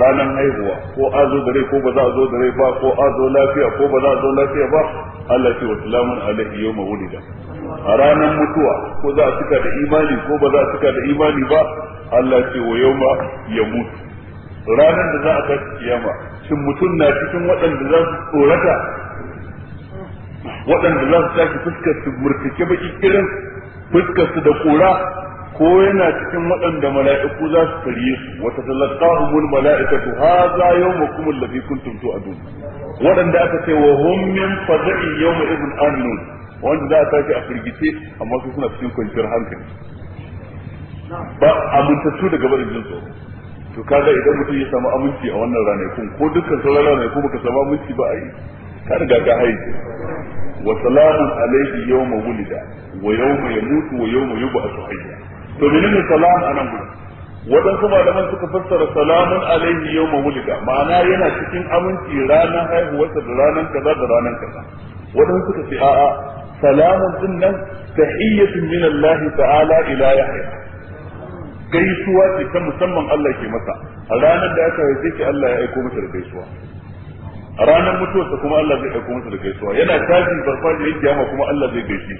A: ranar haihuwa ko a zo da rai ko ba za a zo da rai ba ko a zo lafiya ko ba za a zo lafiya ba Allah ce wa salamun alaihi yawma wulida a ranar mutuwa ko za a cika da imani ko ba za a cika da imani ba Allah ce wa yawma ya mutu ranar da za a tashi kiyama shin mutum na cikin waɗanda za su tsorata waɗanda za su tashi fuskar su murtuke baki irin fuskarsu da kura ko yana cikin waɗanda mala'iku za su tarye su wata talaqahumul mala'ikatu hadha kun tuntu kuntum duniya. waɗanda aka ce wa homin fazai yau ma idhin aminun wanda za a tashi a firgice amma su suna cikin kwanciyar hankali ba amintattu daga barin jin tsoro to kaga idan mutum ya samu aminci a wannan ranakun ko dukkan sauran ranakun baka samu aminci ba a yi ka riga ka haihu wa salamun alaihi yawma wulida wa yawma yamutu wa yawma yub'athu hayya to menene salam anan gurin wadansu malaman suka fassara salamun alaihi yawma wulida ma'ana yana cikin aminci ranar haihuwarsa da ranar kaza da ranar kaza wadansu suka ce a'a salamun din nan tahiyyatun min Allah ta'ala ila yahya gaisuwa ce ta musamman Allah ke masa a ranar da aka haife shi Allah ya aiko masa da gaisuwa ranar mutuwarsa kuma Allah zai aiko masa da gaisuwa yana tashi farfajiyar kiyama kuma Allah zai gaishe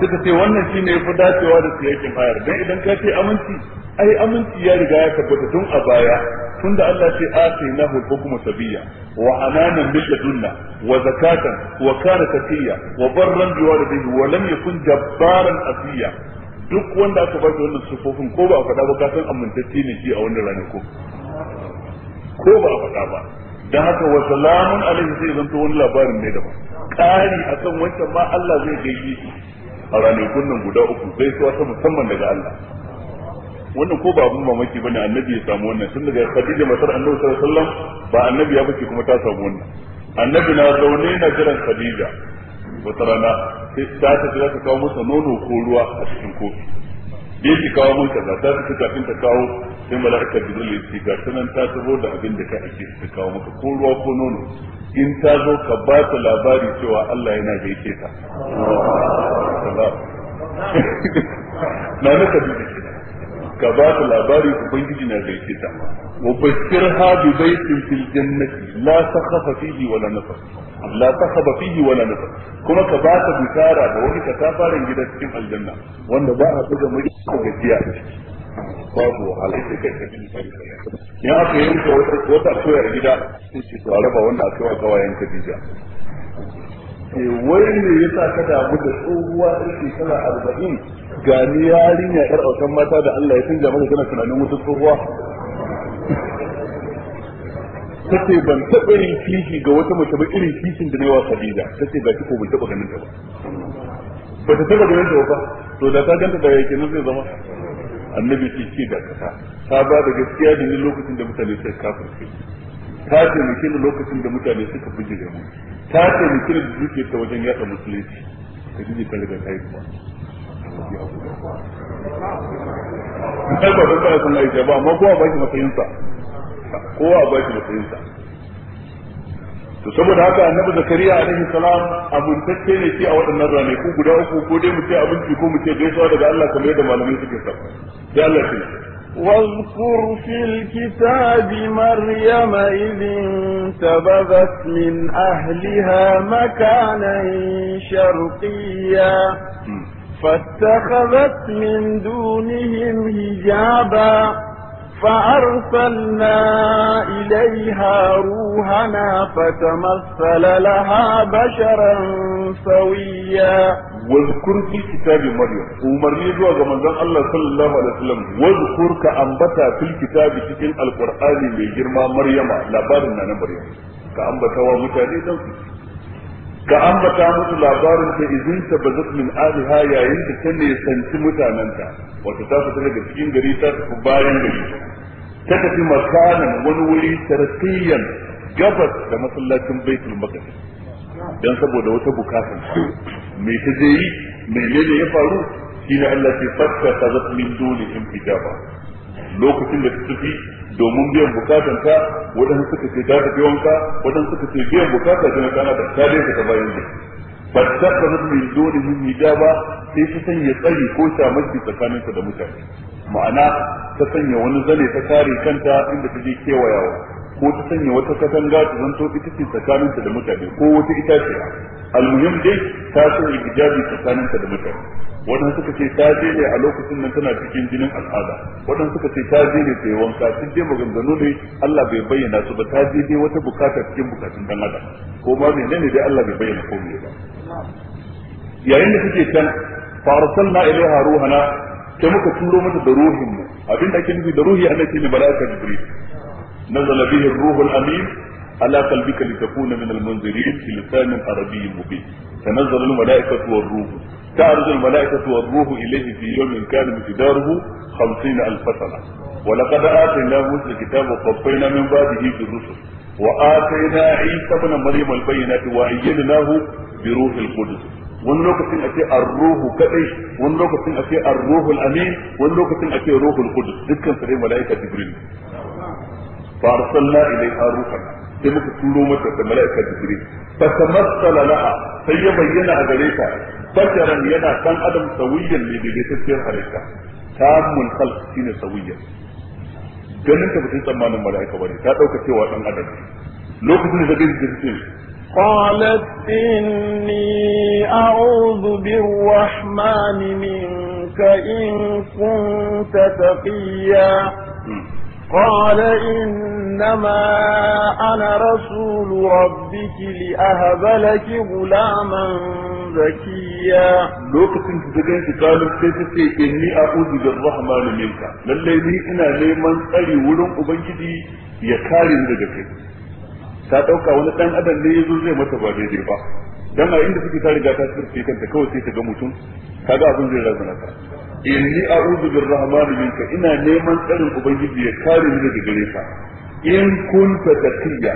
A: suka ce wannan shine yafi dacewa da siyakin hayar. dan idan ka ce aminci ai aminci ya riga ya tabbata tun a baya tunda Allah ce atainahu hukuma sabiyya wa amanan bil ladunna wa zakatan wa kana taqiya wa barran bi walidayhi wa lam yakun jabbaran asiya duk wanda aka ba wannan sufofin ko ba a faɗa ba kasan san amintacce ne shi a wannan ranar ko ko ba a faɗa ba Da haka wa salamun alaihi sai zanto wani labarin ne daban kari akan wancan ma Allah zai gaishe shi a ranar kunnan guda uku zai so ta musamman daga Allah wannan ko ba abun mamaki bane annabi ya samu wannan tun daga Khadija matar Annabi sallallahu alaihi wasallam ba annabi ya bace kuma ta samu wannan
C: annabi na zaune na
A: jiran Khadija wata rana sai ta ta kawo masa nono ko ruwa a cikin kofi da yake kawo mun kaza ta ta kafin ta kawo sai mala'ika jibril ya ce ga sanan ta tabo da abin da ka ake ta kawo maka ko ruwa ko nono in ta zo ka ba ta labari cewa Allah yana gaishe ta na na ka duka ke ka ba ta labari ubangiji na gaishe ta wa bashirha bi baitin fil jannati la sakhafa fihi wala nafas la sahaba fihi wala nasab kuma ka ba ta bishara da wani katafaren gidan cikin aljanna wanda ba a buga muri ko gajiya babu wahala sai kai ka cikin
C: ya aka yanka
A: wata koyar gida sai ce wanda wa wai me ya sa ka damu da tsohuwa ɗan tana arba'in ga ni yarinya ƴar autan mata da Allah ya canja mana tana tunanin wata tsohuwa ta ce ban taɓa yin kishi ga wata mace ba irin kishin da na yawa Khadija ta ce ga ki ko ban taɓa ganin ta ba ba ta taɓa ganin ta ba to da ta ganta da yake nan zai zama annabi ce ce da kasa ta ba da gaskiya da ni lokacin da mutane suka kafirce ta ce ni lokacin da mutane suka da mu ta ce ni da duke ta wajen yaɗa musulunci ka ji ta riga ta yi kuma ba ba ba ba ba ba ba amma kowa ba ba ba sa kowa a bashi matsayin sa to saboda haka annabi zakariya alaihi salam abuntacce ne shi a waɗannan ko guda uku ko dai mu ce abinci ko mu ce gaisuwa daga Allah kamar yadda malamai suke sa sai Allah ya
B: واذكر في الكتاب مريم إذ انتبذت من أهلها مكانا شرقيا فاتخذت من دونهم هجابا فأرسلنا إليها روحنا فتمثل لها بشرا سويا
A: واذكر في كتاب مريم ومرني زوا من الله صلى الله عليه وسلم واذكر كأنبتا في الكتاب في القرآن بجرما مريم لا بارنا مريم كأنبتا ومتاني دوكي ka ambata musu labarin ta izin ta bazat min aliha yayin da ta ne sanci mutananta wato ta fita daga cikin gari ta bayan gari ta tafi makanan wani wuri tarfiyan gabas da masallacin baitul maqdis dan saboda wata bukatun me ta je yi menene ya faru shine Allah ya fatta ta zat min dunihim hijaba lokacin da ta tafi domin biyan bukatan ta waɗansu suka ce ta tafi wanka waɗansu suka ce biyan bukata ta na kana da ta dai ta bayan da fattaka na mai dole min ba sai ta sanya tsari ko shamaki ka da mutane ma'ana ta sanya wani zane ta kare kanta inda ta je kewayawa ko ta sanya wata katanga ta zanto ita ce tsakaninta da mutane ko wata itaciya almuhim dai ta sanya hijabi tsakaninta da mutane wadanda suka ce ta je ne a lokacin nan tana cikin jinin al'ada wadanda suka ce ta je ne sai wanka sun je maganganu ne Allah bai bayyana su ba ta je dai wata bukata cikin bukatun dan adam ko ma menene dai Allah bai bayyana ko me ba yayin da suke can fa arsalna ilaiha ruhana sai muka turo mata da ruhin mu abin da ake nufi da ruhi Allah shine mala'ika jibril نزل به الروح الأمين على قلبك لتكون من المنذرين في لسان عربي مبين تنزل الملائكة والروح تعرض الملائكة والروح إليه في يوم كان مقداره خمسين ألف سنة ولقد آتينا موسى الكتاب وقفينا من بعده بالرسل وآتينا عيسى ابن مريم البينات وأيدناه بروح القدس wani lokacin a ce arruhu kadai wani lokacin a ce arruhul amin wani lokacin a ce ruhul qudus dukkan su dai malaika jibril fa arsalna ilayha ruhan sai muka turo mata da mala'ika jibril fa tamassala laha sai ya bayyana a gare ta basharan yana san adam sawiyyan ne da gaskiyar halitta tamul khalq shine sawiyyan ganin ta butun tsammanin mala'ika bane ta ɗauka cewa dan adam lokacin da zai jirgin
B: قالت إني أعوذ بالرحمن منك إن كنت تقيا قال إنما أنا رسول ربك لأهب لك غلاما زكيا
A: لوكتين تجدين تقالوا سيتسي إني أعوذ بالرحمن منك للذي إنا لمن تري ولم أبنجدي يكارم لك ta ɗauka wani ɗan adam ne ya zo zai mata ba daidai ba dan a inda suke ta riga ta sirce kawai sai ta ga mutum kaga abin zai razana ta inni a'udhu birrahman minka ina neman tsarin ubangiji ya kare ni daga gare ka in kunta taqiya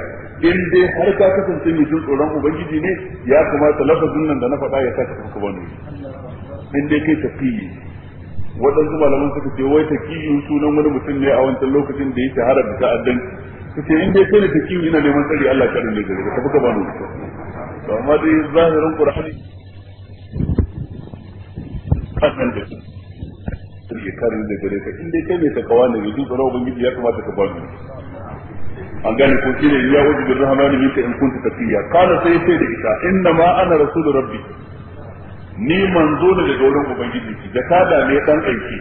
A: in dai har ka kasance mai jin tsoron ubangiji ne ya kamata lafazin nan da na faɗa ya saka ka bani in dai kai taqiyi waɗansu malaman suka ce wai taqiyi sunan wani mutum ne a wancan lokacin da ya shahara da su suke in dai kai ne taqiyi ina neman tsari Allah ka rinne daga ka buka bani to amma dai zahirin qur'ani ya kare da gare ka in dai kai mai takawa ne mai dubara ubangiji ya kamata ka bani an gane ko shi ne ya wajibi min minka in kunta tafiya. kana sai sai da ita inna ma ana rasulu rabbi ni manzo ne daga wurin ubangiji ki da kada ne dan aiki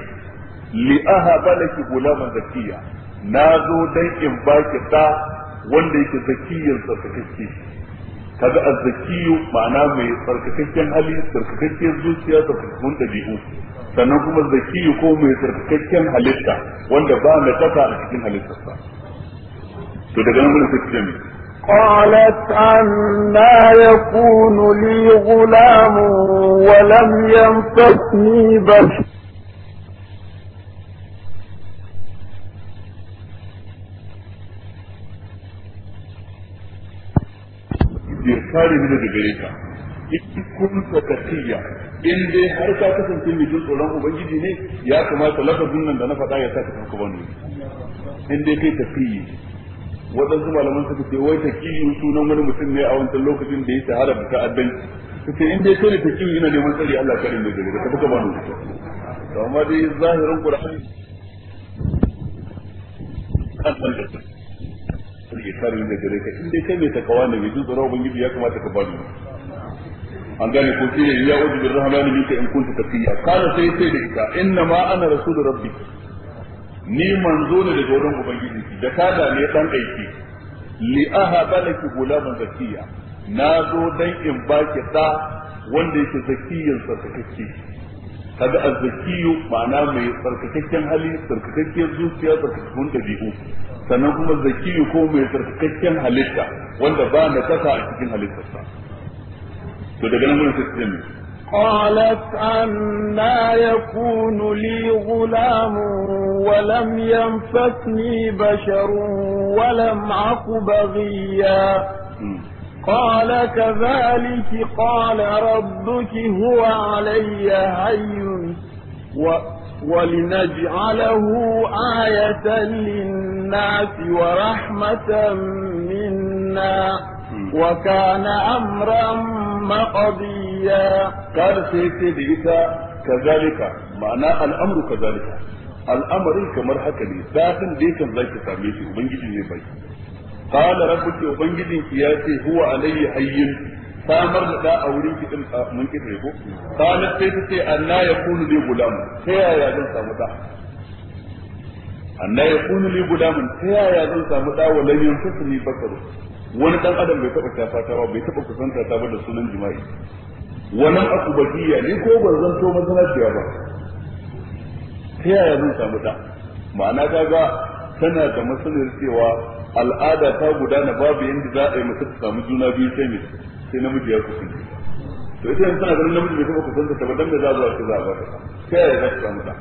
A: li ahaba laki gulaman zakiya na zo dan in baki da wanda yake zakiyin tsarkakakke kaga azzakiyu ma'ana mai tsarkakakken hali tsarkakakken zuciya tsarkakakkun dabi'u sannan kuma zaki ko mai tsarkakken halitta wanda ba na taka a cikin halitta ba to daga nan mun
C: fice ne
B: قالت أنا يكون لي غلام ولم يمسسني
C: بشر bai kare ni daga gare ka in
A: kun in dai har ka kasance mai jin tsoron ubangiji ne ya kamata lafazin nan da na faɗa ya saka kanka bane in dai kai tafiyi waɗansu malaman suka ce wai taqiyu sunan wani mutum ne a wancan lokacin da ya shahara da ta'addanci suka in dai kai taqiyu yana neman tsari Allah karin da gare ka baka bani
C: to
A: amma dai zahirin qur'ani kan da ya karin da gare ka in dai kai ta takawa ne mai jin tsoron ubangiji ya kamata ka bani an gane ko shi ne ya wuce bin rahmani bika in kunta taqiya kana sai sai da ita inna ma ana rasulur rabbi ni manzo ne daga wurin ubangiji da kada ne dan aiki li ahaba laki gulaman zakiya na zo dan in baki da wanda yake zakiyin tsarkakakke kaga azzakiyu ma'ana mai sarkakakken hali sarkakakken zuciya sarkakakken dabi'u sannan kuma zakiyu ko mai sarkakakken halitta wanda ba na kasa a cikin halittarsa
B: قالت أنا يكون لي غلام ولم يمسسني بشر ولم عق بغيا قال كذلك قال ربك هو علي هين ولنجعله آية للناس ورحمة منا وكان أمرا مقضيا
A: قال سيتي بإيسا كذلك معنى الأمر كذلك الأمر كمر حكلي ساكن ديكا ذلك ساميتي وبنجي نبي قال ربك وبنجي كياتي هو علي حي samar da da a wurin kiɗin mun kiɗa ko qalat sai ta ce anna yakunu li gulam ta yaya zan samu da anna yakunu li gulam ta yaya zan samu da walan yansuni bakaru wani dan adam bai taba shafa ta ba bai taba kusanta ta ba da sunan jima'i wannan akubatiya ni ko ban mazana ciya ba ta yaya zan samu da ma'ana ta ga tana da masalar cewa al'ada ta gudana babu yanda za a yi mutum ta samu juna biyu sai mai sai namiji ya kusanta to ita yanzu tana ganin namiji bai taba kusanta ta ba dan da za zuwa ta za a ba ta ta yaya za ta samu da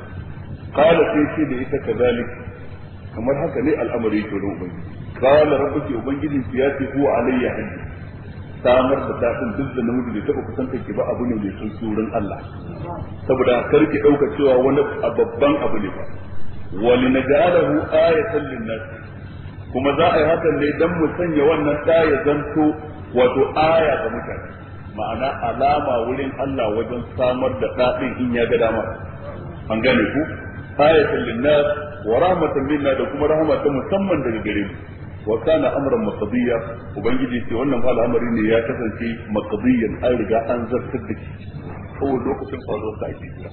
A: kala sai shi da ita kazalik kamar haka ne al'amari yake da ubangiji qala rabbuki ubangiji su ya ce wa alayya hayy samar da tafin duk da namiji da taba kusantar ki ba abu ne mai sun surun Allah saboda kar ki ɗauka cewa wani babban abu ne ba wali naj'alahu ayatan lin-nas kuma za a yi hakan ne dan mu sanya wannan ya zanto wato aya ga mutane ma'ana alama wurin Allah wajen samar da dadin in ya ga dama an gane ku ayatan lin-nas wa rahmatan minna da kuma rahmatan musamman daga gare mu wa kana amran maqdiya ubangiji ce wannan fa al'amari ne ya kasance maqdiyan an riga an zartar da shi ko lokacin faruwar sa ake jira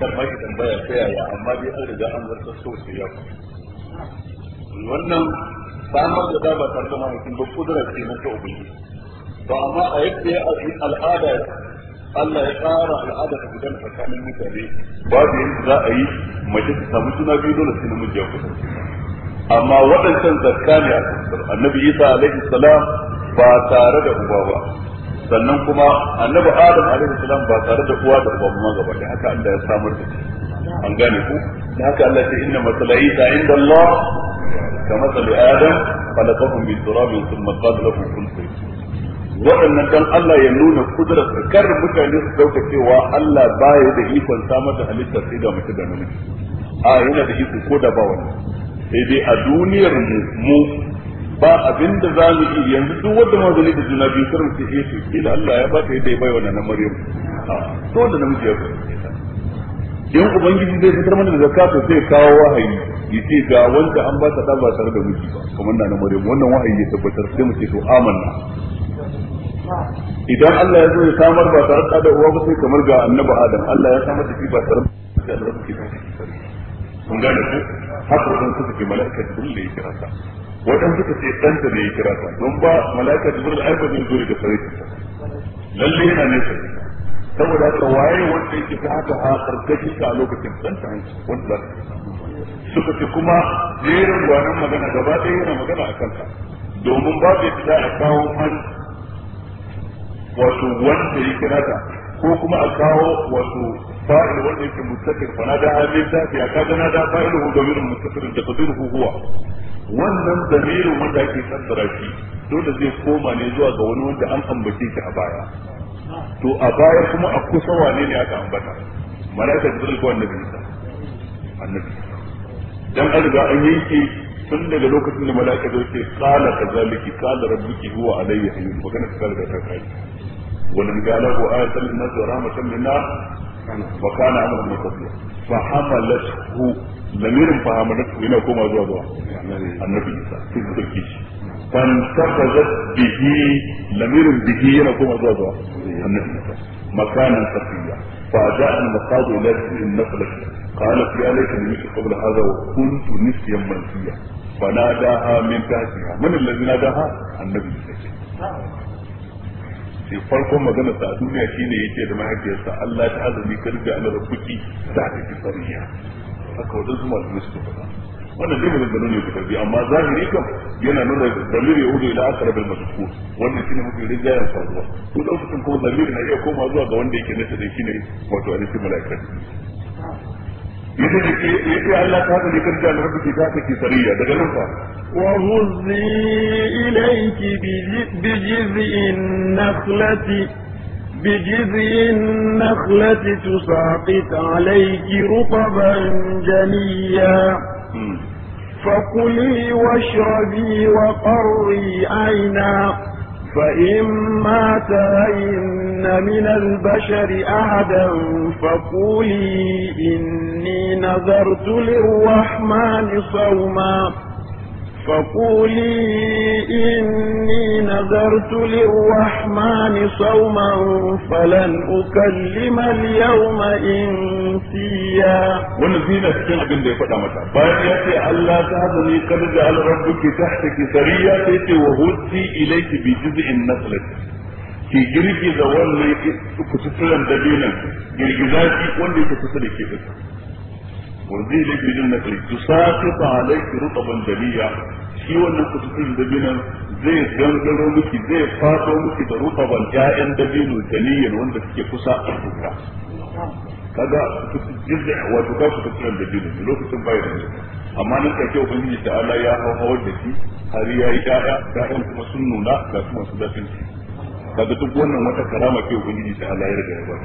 A: kar ma ki tambaya ta yaya amma dai an riga an zartar so sai ya
C: wannan samar da da ba
A: tare da mahaifin ba kudura ce na ta ubangiji to amma a yadda ya al'ada Allah ya tsara al'ada ta gudan tsakanin mutane babu yadda za a yi mace ta samu suna biyu dole sai namiji ya kusance amma waɗancan zakka ne a annabi isa alaihi salam ba tare da uba ba sannan kuma annabi adam alaihi salam ba tare da uwa da uba ma gaba haka Allah ya samar da shi an gane ku da haka Allah ya ce inna masala isa inda Allah ka masali adam falaqahu min turabin thumma qala lahu kun waɗannan dan Allah ya nuna kudura tsakar mutane su dauka cewa Allah baya da ikon samar da halittar sai ga mutum da namiji a yana da iko ko da ba wannan sai dai a duniyar mu mu ba abin da za mu yi yanzu duk wanda ma zai da juna biyu karin su ce su eh, kila Allah ya ba ta yadda ya bai wa nan Maryam to da namiji ya in ubangiji zai fitar mana da zakka to sai kawo wahayi ce ga wanda an ba ta da ba tare da miji ba kamar nan Maryam wannan wahayi ya tabbatar sai mu ce to amanna idan Allah ya zo ya samar ba tare da uwa ba sai kamar ga annabi Adam Allah ya samar da shi ba tare da shi ba kun gane ko haka sun suka ce mala'ika jibril da ya kira ta wadan suka ce danta da ya kira ta don ba mala'ika jibril ai ba zai zo daga sarki ta lalle yana nesa saboda haka waye wanda yake ta haka a karkashin ta a lokacin danta wanda za ta suka ce kuma jerin gwanin magana gaba ɗaya yana magana a kanka domin ba zai za a kawo man wato wanda ya kira ta ko kuma a kawo wato fa'il wanda yake mustatir fa nada hadin tafiya kaga nada fa'iluhu damirun mustatir da qadiruhu huwa wannan damirin wanda ake kaddara shi dole zai koma ne zuwa ga wani wanda an ambace shi a baya to a baya kuma a kusa wane ne aka ambata malaika dan an riga an yanke tun daga lokacin da malaika zai ce qala kazaliki qala rabbuki huwa alayya hayyin magana ta da ta kai wani ga lahu ayatan nas wa rahmatan minna وكان امرا مقضيا فحملته ضمير فحملته هنا كما زوا النبي في التركيش فانتخذت به ضمير به هنا كما زوا النبي مكانا خفيا فجاء المخاض الى النخله قالت يا ليتني مت قبل هذا وكنت نسيا منسيا فناداها من تحتها من الذي ناداها النبي صلى الله عليه وسلم sai farkon magana sa duniya shine yake da mahaifiyarsa Allah ta azumi karbi ala rabbuki za ta ki sariya haka wajen su malamai suka faɗa wannan dai maganganu ne ku tarbi amma zahiri kam yana nuna dalilin yahudu ila akara bil mazkur wannan shine mafi rijiyar faruwa ko lokacin kuma dalilin na iya koma zuwa ga wanda yake nasa da shine wato alisi malaikatu yace da ke yace Allah ta hada likar da rabbi ta ta kisariya daga nan fa
B: wa huzzi ilayki bi jiz'in nakhlati بجذع النخلة تساقط عليك رطبا جنيا فكلي واشربي وقري عينا فإما ترين من البشر أحدا فقولي إني نذرت للرحمن صوما فقولي إني نذرت للرحمن صوما فلن أكلم اليوم إنسيا ونزينا سكين
A: عبد الله فتا متى باياتي ألا تهزني قد جعل ربك تحتك سريا تيتي وهدي إليك بجزء النخلة ki girgiza wannan kututturen dabinan girgiza shi wanda yake kusa da ke wanzili bi jannati tusaqita alayki rutban daliya shi wannan kututun dabinan zai gangaro miki zai fado miki da rutban ya'yan dabino daliyan wanda suke kusa a kuka kaga jirga wato ka su kututun dabino lokacin bai da amma nan kake ubangiji ta Allah ya hawar da shi har yayi ya'ya ya'yan kuma sun nuna ga kuma su dafin kaga duk wannan wata karama ke ubangiji ta Allah ya riga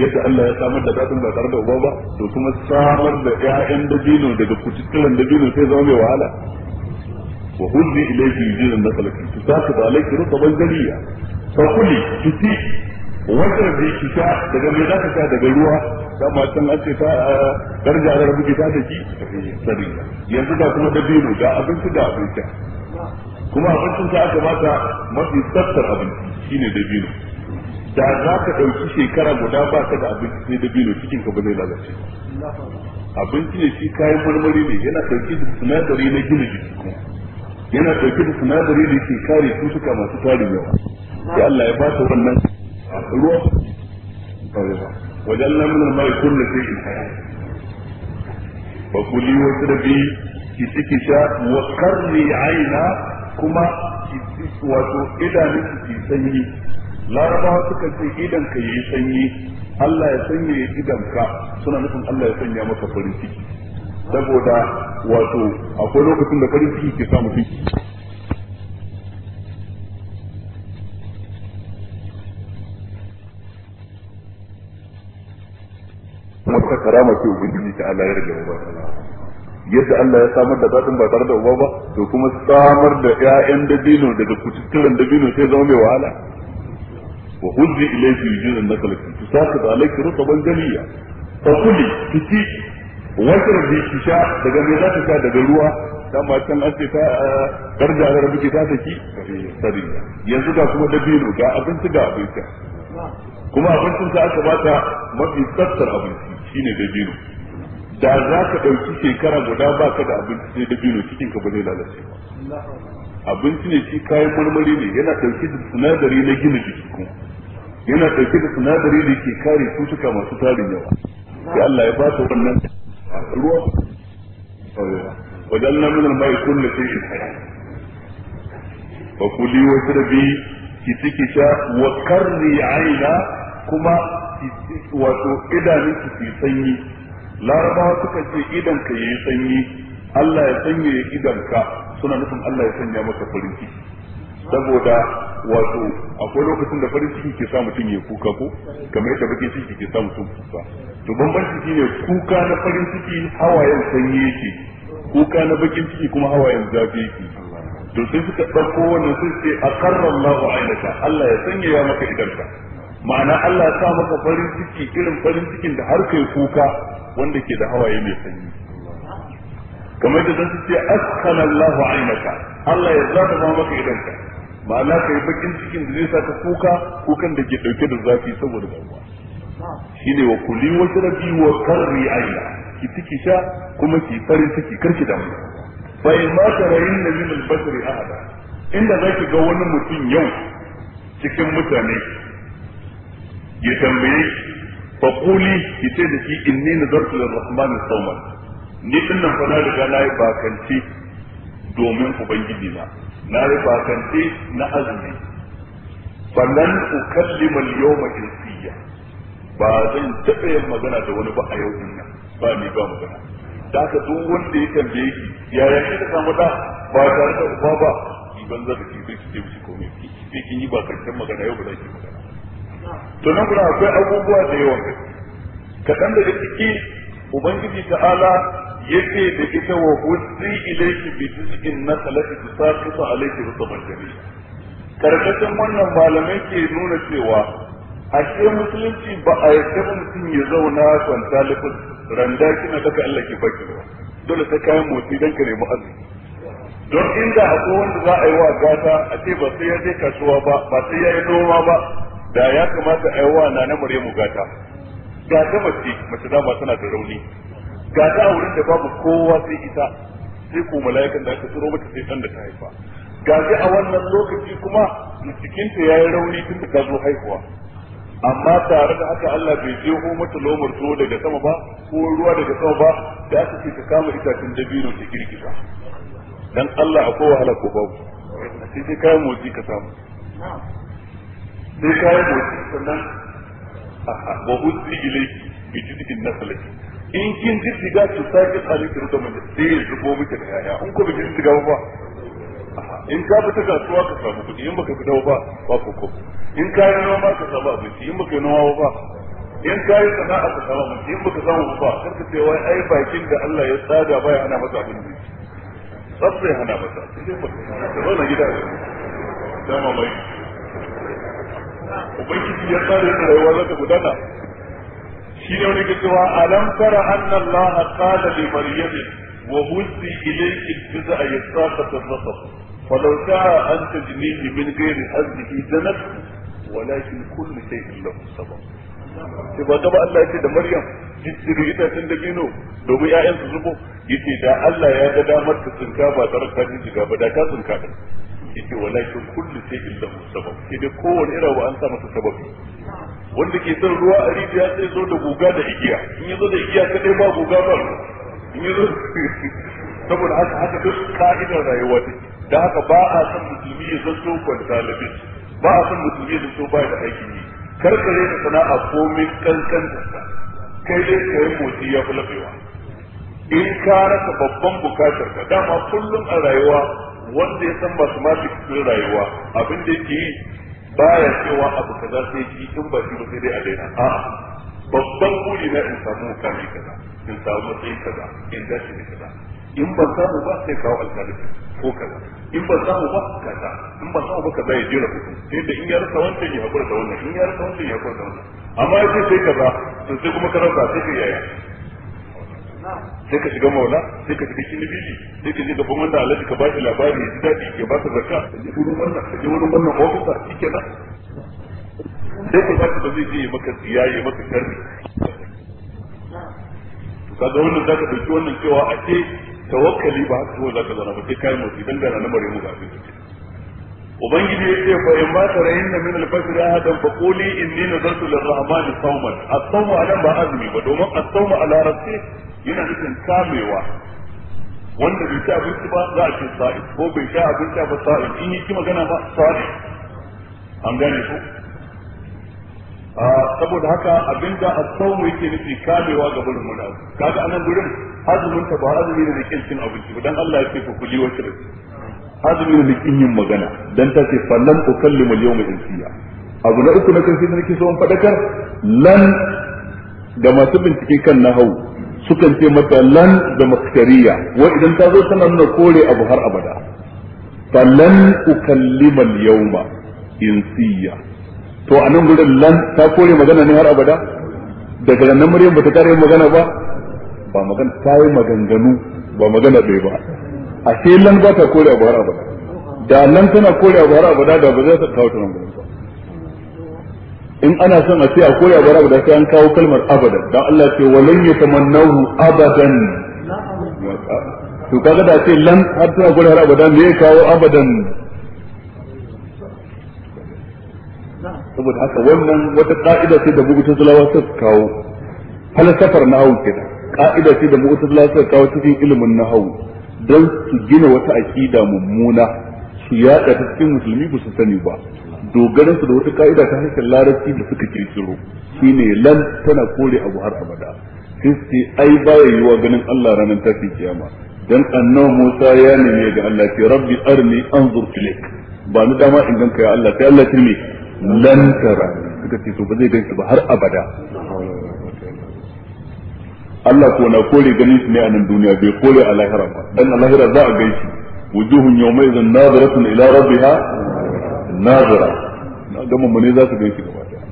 A: yadda Allah ya samar da zatin ba tare da uba ba to kuma samar da ƴaƴan dabino daga kututturan dabino sai zama mai wahala wa hulli ilayki jinan nasalaki tusaqi alayki rutban jaliya fa kuli tuti wata da ki sha daga mai zaka sha daga ruwa dama can an ce ta garja ah, da rubuci ta da ki sariya yanzu ga kuma dabino ga abinci da abin abinci kuma abincin ta aka bata mafi tsaftar abinci shine dabino da za ka ɗauki shekara guda ba ka da abinci sai da biyu cikin ka ba zai lalace abinci ne shi kayan marmari ne yana ɗauke da sinadari na gina jiki kuma yana ɗauke da sinadari da ke kare cututtuka masu tarin yawa sai Allah ya ba ta wannan ruwa wajen lamunan mai kulle sai in haya ba kuli wasu da biyu ki ciki sha wa karni aina kuma wato idanun ki sanyi larabawa suka ce idan ka yi sanyi Allah ya sanya idan ka suna nufin Allah ya sanya maka farin ciki saboda wato akwai lokacin da farin ciki ke samu ciki wata karama ce ubangiji ta Allah ya rage ba yadda Allah ya samar da zaɗin ba tare da uba ba to kuma samar da ƴaƴan dabino daga kututturan dabino sai zama mai wahala wa إليه في yujizun nakalati تساقط عليك رطبا jamia فقلي kuli وكر في kisha daga za ta كما daga ruwa ترجع can an ce ta garja eh, da كما ta saki sariya yanzu ga kuma dabino ga abinci ga abinci kuma abincin aka da za ka ɗauki shekara guda ba ka da abinci sai dabino cikin ka ba zai lalace ba abinci ne shi kayan marmari ne yana ɗauke da sinadari na gina jiki kuma yana ɗauke da sinadari da ke kare cutuka masu tarin yawa sai Allah ya ba su wannan ruwa wajen namunan minar sun da sai shi kaya ba kuli wa sirbi ki ciki sha wa karni aina kuma wato idanun ki fi sanyi laraba suka ce idan ka yi sanyi Allah ya sanya idan ka suna nufin Allah ya sanya maka farin ciki saboda wato akwai lokacin da farin ciki ke sa mutum ya kuka ko kamar yadda bakin ciki ke sa mutum kuka to bambanci shine kuka na farin ciki hawayen sanyi yake kuka na bakin ciki kuma hawayen zafi yake to sai suka ɗauko wannan sun ce a Allahu lahu ainaka Allah ya sanyaya maka idanka ma'ana Allah ya sa maka farin ciki irin farin cikin da har kai kuka wanda ke da hawaye mai sanyi kamar da zan ce askana lahu ainaka Allah ya zaba maka idanka ma'ana kai bakin cikin da zai saka kuka kukan da ke dauke da zafi saboda damuwa ne wa kuli wa shrabi wa qarri ayya ki ciki sha kuma ki farin ciki karki damu fa in ma tarayin min al-basri ahada inda zaki ga wani mutum yau cikin mutane ya tambaye fa kuli ki ce da shi inni nazartu lir-rahman sawman ni dinnan fa na riga na yi bakanci domin ubangiji na na yi bakance na azumi falan ukallima mal yawma insiya ba zan taɓa yin magana da wani ba a yau din nan ba ni ba magana da ka duk wanda ya tambaye ki ya ki ka samu da ba tare da uba ba ban za ki ki ce ki komai ki ki kin yi ba karshen magana yau ba za yi magana
C: to nan kuma akwai abubuwa da yawa
A: kaɗan daga ciki ubangiji ta'ala yake da ita wa huzzi ilayki bi juz'in nakalati tusaqitu alayki rutuban jamila karkashin wannan malamai ke nuna cewa ashe musulunci ba a yarda mutum ya zauna kwanta lifin randa kina daga Allah ke baki ba dole sai kayan motsi don ka nemi don inda akwai wanda za a yi wa gata a ce ba sai ya je kasuwa ba ba sai ya yi noma ba da ya kamata a yi wa na na mu gata gata mace mace dama tana da rauni ga ta wurin da babu kowa sai ita sai ko mala'ikan da aka tsoro mata sai dan da ta haifa ga ta a wannan lokaci kuma cikin ya yi rauni tun da ta zo haihuwa amma tare da haka Allah bai je ho mata lomar to daga sama ba ko ruwa daga sama ba da aka ce ta kama itacen dabino ta girgiza dan Allah akwai wahala ko babu sai sai kayan motsi ka samu sai kayan motsi sannan ba uzzi ilayki bi na salati. in kin ji shiga ki sake tsari ki rubuta mai sai ya zubo miki da yaya in ko biki shiga ba in ka fita kasuwa ka samu kuɗi in baka fita ba ba ko ko
C: in ka yi noma
A: ka samu abinci in baka yi noma ba in ka yi sana'a ka samu abinci in baka samu ba kar ka ce wai ai bakin da Allah ya tsada baya ana masa abin da tsafta sai hana masa sai dai na zauna gida da dama
C: ubangiji ya tsara yadda
A: rayuwa zaka gudana shi ne wani ke cewa alam tara anna allaha qala li maryam wa huzzi ilayki juz'a yasaqat ar-rasab فلو شاء أن تجنيه من غير حزه جنت ولكن كل شيء له سبب sai ba gaba Allah yake da Maryam ita itacen da bino domin ƴaƴan su zubo yace da Allah ya ga damar ta tsinka ba tare ka ji shiga ba da ka tsinka din yace walakin kullu shay'in lahu sabab sai da kowane irawa an sa masa sababi wanda ke son ruwa a rijiya sai zo da guga da igiya in zo da igiya kadai ba guga ba in zo saboda haka haka duk ka'idar rayuwa ne da haka ba a son musulmi ya zanto kwanta labis ba a son musulmi ya zanto ba da aikin yi karkare da sana'a komai kankan kai dai yi motsi ya fi lafewa in ka rasa babban bukatar ka dama kullum a rayuwa wanda ya san mathematics din rayuwa abin da yake yi baya cewa abu kaza sai shi tun ba shi ba sai dai a daina a'a babban buri na in samu mukami kaza in samu matsayi kaza in dace da kaza in ban samu ba sai kawo alkalifin ko kaza in ban samu ba kaza in ban samu ba kaza ya jira kuɗi. sai da in ya rasa wancan ya haƙura da wannan in ya rasa wancan ya haƙura da wannan amma ya ce sai kaza to sai kuma ka rasa sai ka yaya sai ka shiga maula sai ka shiga kilibibi sai ka shiga gaban wanda alaji ka bashi labari ya ji daɗi ya ba ka zakka ka je wurin wannan ka ji wurin wannan ofisa shike nan sai ka ba ba zai je maka tsiya ya maka karni ga wannan zaka dauki wannan cewa a ce tawakkali ba haka kuma zaka zana ba sai kai motsi dan gana na mare mu ga abin ubangiji ya ce fa in ba ta rayin na min al-fajr ahadan fa quli inni nazartu lir-rahmani sawman as a nan ba azumi ba domin as-sawmu ala rabbi yana nufin kamewa wanda bai ci abinci ba za a ce sa'in ko bai sha abinci ba sa'in in yi ki magana ba sa'in an gane ku saboda haka abinda as-sawm yake nufi kamewa ga burin muna kaga anan gurin azumin ta ba azumi ne da kin cin abinci ba dan Allah ya ce ku kuli wa kire azumi ne da kin yin magana dan ta ce fallan ukallimu al-yawma insiya abu na uku na kan sai nake so in fadakar lan da masu bincike kan nahawu sukan ce mata lan da maskariya wa idan ta zo tana nuna kore abu har abada lan ukallima yawma insiya to a nan gurin lan ta kore magana ne har abada daga nan maryam bata kare magana ba ba magana ta yi maganganu ba magana bai ba a sai lan ba ta kore abu har abada da lan tana kore abu har abada da ba za ta kawo ta nan gurin ba in ana son a ce a koya bara da sai an kawo kalmar abada dan Allah ce walan yatamannahu abadan to kaga da ce lan har tana gurin har abada me kawo abadan saboda haka wannan wata ka'ida ce da bugu mu'tazilawa suka kawo falsafar na hawu kenan ka'ida ce da bugu mu'tazilawa suka kawo cikin ilimin na hawu dan su gina wata aqida mummuna su yaɗa ta cikin musulmi ba su sani ba dogaran su da wata ka'ida ta harshen larabci da suka kirkiro ne lan tana kore abu har abada sai su ai baya yiwa ganin Allah ranar tafi kiyama dan annabi Musa ya nemi ga Allah ce rabbi arni anzur ilayk ba ni dama in ganka ya Allah sai Allah ce ne lan tara suka ce to ba zai ganki ba har abada Allah ko na kore ganin shi ne a nan duniya bai kore a lahira ba dan a lahira za a ganshi wujuhun yawma idhin nadiratun ila rabbiha nazira ga mummune za su gaishe gaba daya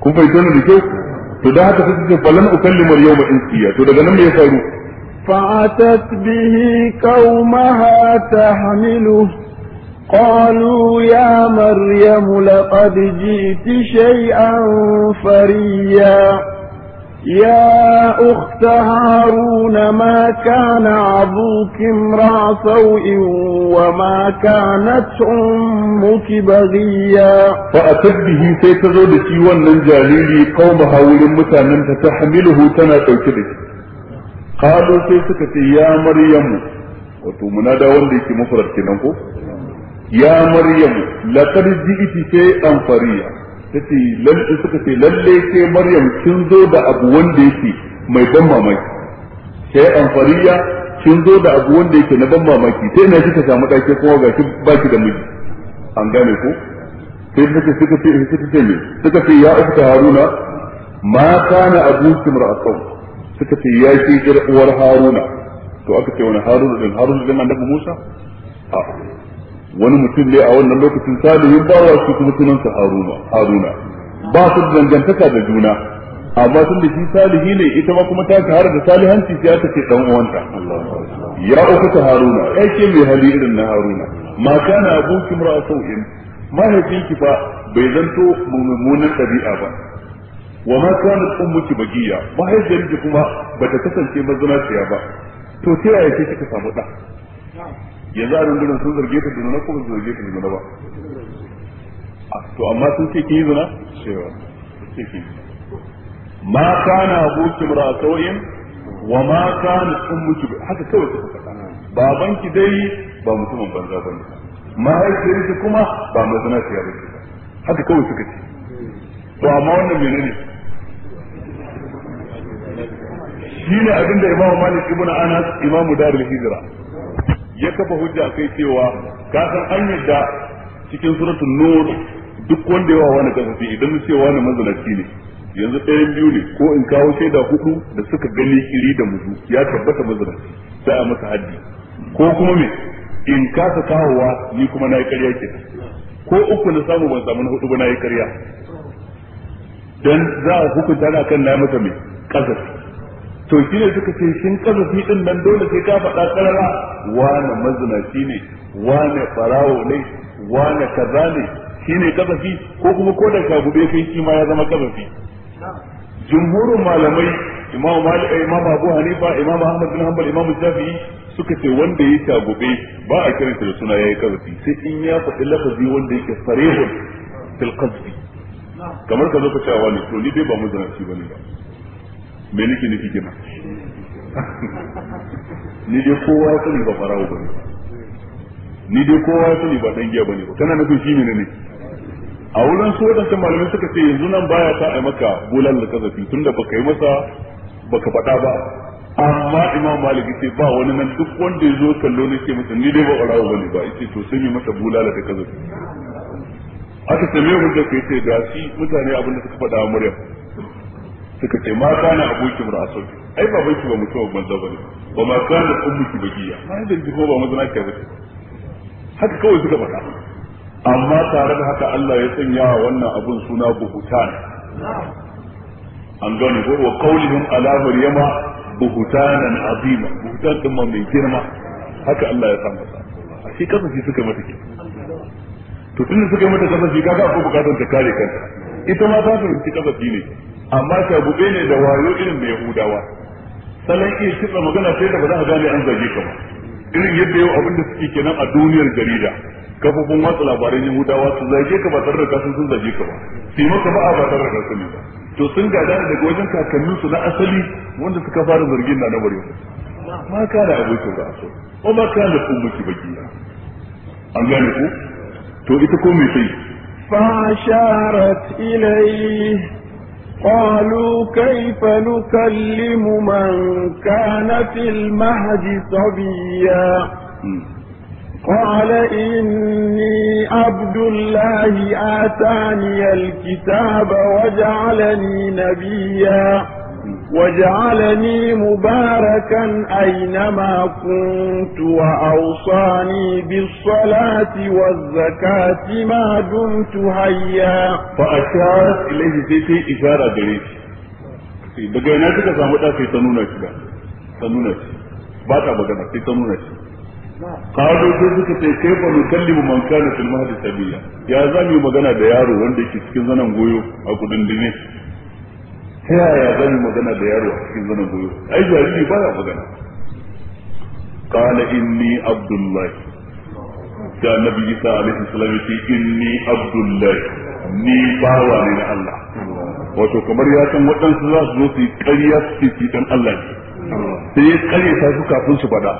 A: kun fahimta ne da kyau to da haka sai ce falan ukallimar yawma insiya to daga nan me ya faru
B: فأتت به قومها تحمله قالوا يا مريم لقد جئت شيئا فريا يا أخت هارون ما كان عبوك امرأ سوء وما كانت أمك بغيا
A: فأتت به سيتزو دشي ونن جاريري قوم هاول متانا تحمله تنا توكده قالوا سيسكت يا مريم wato munada wanda yake mafarar kenan ko ya maryamu laqad ji'ti shay'an fariya tace lalle suka ce lalle ke maryam kin zo da abu wanda yake mai ban mamaki sai an fariya kin zo da abu wanda yake na ban mamaki sai na kika samu dake kuma ga ki baki da miji an gane ko sai suka suka ce suka ce me suka ce ya ukhta haruna ma kana abuki mar'atun suka ce ya ki uwar haruna to aka ce wani haruna din haruna din annabi musa a wani mutum ne a wannan lokacin salihin bawa shi kuma sunansa haruna haruna ba su dangantaka da juna amma tun da shi salihi ne ita ma kuma ta shahara da salihanci sai aka ce dan uwanta
C: ya uku ta haruna ya ke mai hali
A: irin na haruna ma kana abuki mura sau'in mahaifinki fa bai zanto mummunan ɗabi'a ba
C: wa ma kana
A: ummuki bagiya mahaifiyarki kuma bata kasance mazanaciya ba to ta yaya kika samu ɗa yanzu a rundunar sun zarge ta zina ko sun zarge ta zina ba to amma sun ce ki yi zina cewa ce ki ma kana abuki mura sauyin wa ma kana ummuki haka kawai suka faɗa babanki dai ba mutumin banza ba ne mahaifiyarki kuma ba mai zina ta yaro haka kawai suka ce to amma wannan menene shine abinda imamu malik ibn anas imamu darul hijra ya kafa hujja kai cewa ka san an yadda cikin suratul nur duk wanda yawa wani kasafi idan ce wani mazalaci ne yanzu ɗayan biyu ne ko in kawo shaida hudu da suka gani iri da muzu ya tabbata mazalaci sai a masa haddi ko kuma me in kasa kawowa ni kuma na yi ƙarya ke ko uku na samu ban samu na hudu ba na yi ƙarya dan za a hukunta da kan na masa me kasafi to ne suka ce shin fi din nan dole sai ka faɗa karara wane shi ne wane farawo ne wane kaza ne shine fi ko kuma ko da ka gube kai shi ma ya zama fi jumhurin malamai imam malik eh, imamu abu hanifa imamu ahmad bin hanbal imam shafi'i suka ce wanda ya shagube ba a kiran da suna yayi fi sai in ya faɗi lafazi wanda yake sarihun fil kamar ka zo ka cewa wani to ni bai ba ba bane ba me nake nufi kenan ni dai kowa ya sani ba farawo bane ni dai kowa ya sani ba dan giya bane ba Tana nufin shi ne ne a wurin su wadansu malamai suka ce yanzu nan baya ta a maka bulan da kazafi tunda baka yi masa baka faɗa ba amma imam malik ce ba wani nan duk wanda ya zo kallo ne ke masa ni dai ba ƙwararwa bane ba yace to sun yi masa bulala da kazafi aka ce me hujja kai ce da shi mutane abinda suka faɗa a muryar suka ce ma kana abokin ra'asau ai baban ki ba mutuwa banza bane ba ma kana ummuki bagiya ai da ko ba mazana ka bace haka kawai suka faɗa amma tare da haka Allah ya sanya wannan abun suna buhutan an gane ko wa qawlihim ala maryama buhutanan azima buhutan din ma mai girma haka Allah ya san masa shi kasance suka mata ke
C: to tunda suka mata kasance kaga akwai bukatar ta kare kanta
A: ita ma ta fahimci kasance ne amma shagube ne da wayo irin da yahudawa salon iya kitsa magana sai da ba za a gane an zage ka ba irin yadda yau abin da suke kenan a duniyar jarida kafofin watsa labaran yahudawa su zage ka ba tare da kasan sun zage ka ba su maka ba a ba tare da kasan ba to sun gada daga wajen kakannin su na asali wanda suka fara zargin na nabar yau ma ka da abokin ba so ko ba ka da kun ba baki an gane ku to ita ko me sai
B: fa ilayhi قالوا كيف نكلم من كان في المهد صبيا قال إني عبد الله آتاني الكتاب وجعلني نبيا وجعلني مباركا أينما كنت وأوصاني بالصلاة والزكاة ما دمت حيا فأشارت
A: إليه في في إشارة بريش بقينا تلك سامتا في تنونة تنونة باتا بقنا في تنونة قالوا جزك sai kai من كان في المهد السبيل يا sabiya ya ديارو magana da yaro wanda yake ta yaya zan yi magana da yaro a cikin zanen goyo ai jariri baya magana qala inni abdullahi da annabi isa alaihi salam yace inni abdullahi ni bawa ne na Allah wato kamar ya san waɗansu za su zo su yi ƙarya su ce dan Allah
B: ne sai ya ƙarya ta su
A: kafin su faɗa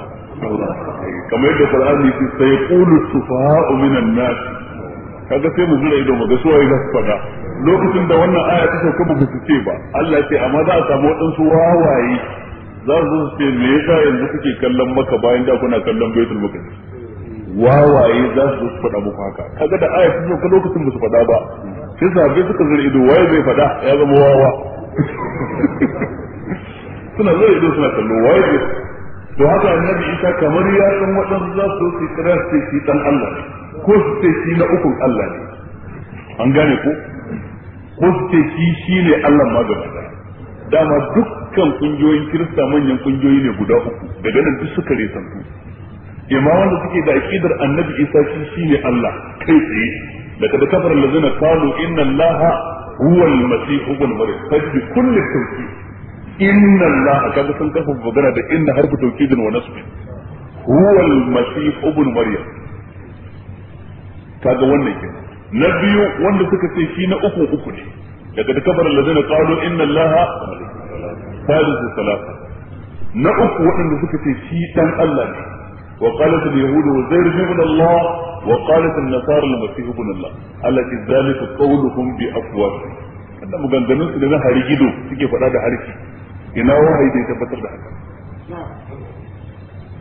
A: kamar yadda Qur'ani ya ce sai qulu sufaha'u minan nas kaga sai mu zura ido mu ga suwaye za su faɗa lokacin da wannan aya ta sauka ba su ce ba Allah ya ce amma za a samu waɗansu wawaye za su ce me yasa yanzu kuke kallon maka bayan da kuna kallon baitul maqdis wawaye za su faɗa muku haka kaga da aya ta sauka lokacin ba su faɗa ba sai sahabbai suka zura ido waye bai faɗa ya zama wawa suna zura ido suna kallo waye zai to haka annabi isa kamar ya san waɗansu za su yi kira su ce shi ɗan Allah ko su ce shi na ukun Allah ne an gane ko shi shi ne Allah ma gaba daya dama dukkan kungiyoyin kirista manyan kungiyoyi ne guda uku daga nan duk suka resantu imma wanda suke da aqidar annabi isa shi shi ne Allah kai tsaye daga kafar lazina qalu inna allaha huwa al-masih ibn maryam fadi bi kulli tawkid inna allaha kaga sun kafa magana da inna harfu tawkidin wa nasb huwa al-masih ibn maryam kaga wannan kenan na biyu wanda suka ce shi na uku uku ne daga kafar da qalu inna allaha salisu salasa na uku waɗanda suka ce shi dan Allah ne wa qalat al yahud wa zair ibn Allah wa qalat an nasara al masih ibn Allah allati zalika qawluhum bi afwahihim annabi ganganun su da hari gido suke faɗa da harki ina wahayi da tabbatar da haka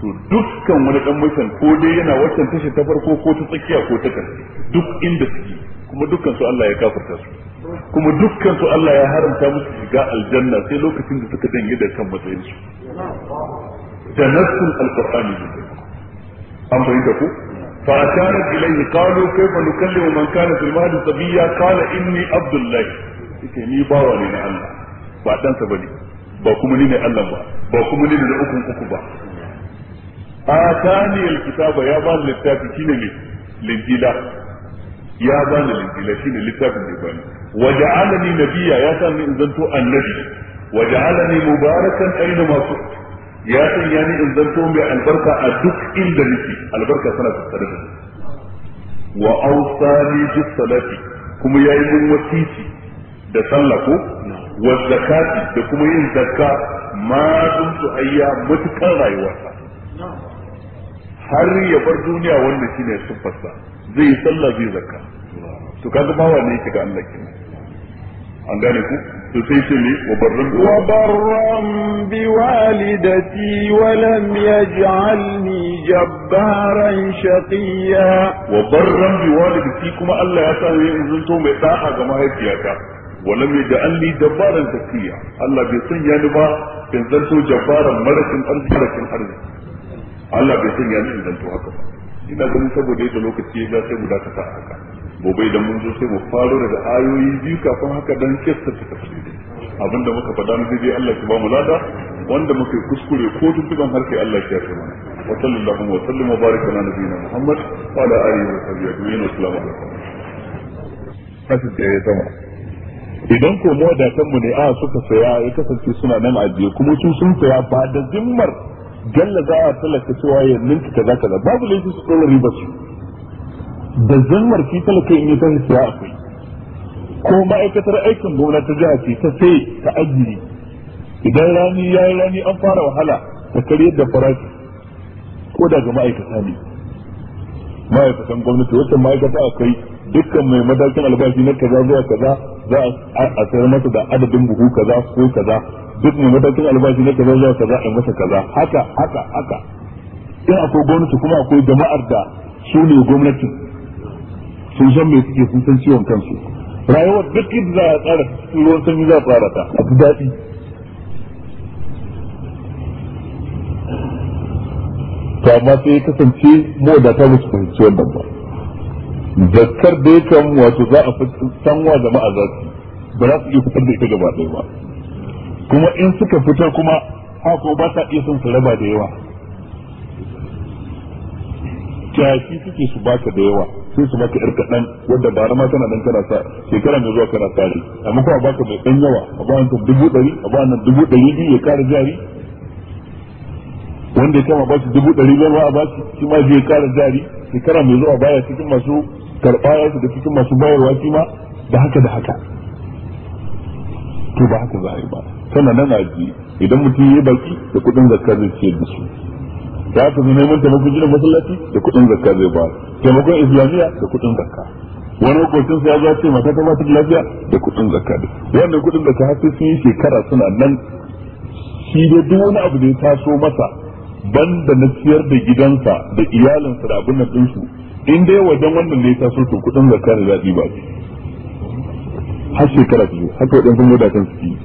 A: to dukkan wani dan mishan ko dai yana waccan tashi ta farko ko ta tsakiya ko ta karshe duk inda suke kuma dukkan su Allah ya kafirta su
C: kuma dukkan su Allah ya haramta
A: musu shiga aljanna sai lokacin da suka danye da kan matsayin su da nassul alqur'ani an bayyana ku فأتانت
C: إليه قالوا
A: كيف نكلم من كان في المهد صبيا قال إني inni الله yake ni bawa ne na Allah ba dan sa bane ba kuma ni ne Allah ba ba kuma ni ne da ukun uku ba atani alkitaba ya bani littafi shine ne linjila ya bani linjila shine littafin da bani wa ja'alani nabiyya ya sa ni inzanto annabi
C: wa ja'alani mubarakan aina
A: ma kuntu ya sanya ni in mai albarka a duk inda nake albarka tana tattare da wa yayi mun da sallah ko wa zakati da kuma yin zakka ma dumtu ayya mutukan rayuwarsa har ya bar duniya wanda wannan shine siffarsa zai yi sallah zai zakka to kaga bawa ne yake ga Allah kenan an gane ku to sai ce ne wa barran bi wa
B: barran bi walidati wa lam yaj'alni jabbaran shaqiyya. wa barran bi
A: walidati kuma Allah ya sani in zanto mai da'a ga mahaifiyata wa lam yaj'alni jabbaran shaqiyya. Allah bai sanya ni ba in zanto jabbaran marakin arziki Allah bai sanya ni zanto haka ba ina ganin saboda yadda lokaci ya sai mu dakata haka gobe idan mun zo sai mu faro daga ayoyi biyu kafin haka dan kissa ta tafsiri abinda muka faɗa mu daidai Allah ya ba mu lada wanda muka yi kuskure ko tuntuban harkai Allah ya kai mana wa sallallahu wa sallam wa baraka ala nabiyina Muhammad wa ala alihi wa sahbihi ajma'in assalamu alaikum kasin da ya zama idan ko mu da kanmu ne a suka saya ya kasance suna nan ajiye kuma su sun saya ba da zimmar galla za a talaka cewa ya ninka kaza kaza babu laifi su tsoro riba su da zalmar shi talaka in ya tashi siya akwai ko ma'aikatar aikin gona ta jiha ce ta sai ta ajiye idan rani ya yi rani an fara wahala ta karyar da farashi ko daga ma'aikata ne ma'aikatan gwamnati wata ma'aikata akwai dukkan mai madakin albashi na kaza zuwa kaza za a sayar masa da adadin buhu kaza ko kaza duk mai matakin albashi ne kaza zuwa kaza a masa kaza haka haka haka in akwai gwamnati kuma akwai jama'ar da su ne gwamnati sun san me suke sun san ciwon kansu rayuwar duk inda za a tsara ruwan sanyi za a tsara ta a fi daɗi to amma sai kasance mu da ta musu fahimci wannan ba zakkar da ya kan wato za a san wa jama'a za su ba za su iya fitar da ita gaba ɗaya ba kuma in suka fitar kuma haka ba sa iya son su raba da yawa kyashi suke su baka da yawa sai su baka yar kaɗan wadda na ma tana dan kana sa shekara mai zuwa kana sa amma kuma baka mai ɗan yawa a ba ta dubu ɗari a ba nan dubu ɗari biyu ya kara jari wanda ya kama ba shi dubu ɗari biyar ba a ba shi shi ma zai kara jari shekara mai zuwa baya cikin masu karɓa ya da cikin masu bayarwa shi ma da haka da haka to ba haka za a yi ba sannan nan aji idan mutum ya yi baki da kuɗin zakka zai ce da su ya ka zo neman taimakon gina masallaci da kuɗin zakka zai ba taimakon islamiyya da kuɗin zakka wani hukuncin sa ya zo ce mata ta mata lafiya da kuɗin zakka da wanda kuɗin zakka har sun yi shekara suna nan shi da duk wani abu da ya taso masa banda na ciyar da gidansa da iyalinsa da abin da ɗinsu in dai wajen wannan da ya taso to kudin da da zaɓi ba ce har shekara biyu haka waɗansu wadatan su yi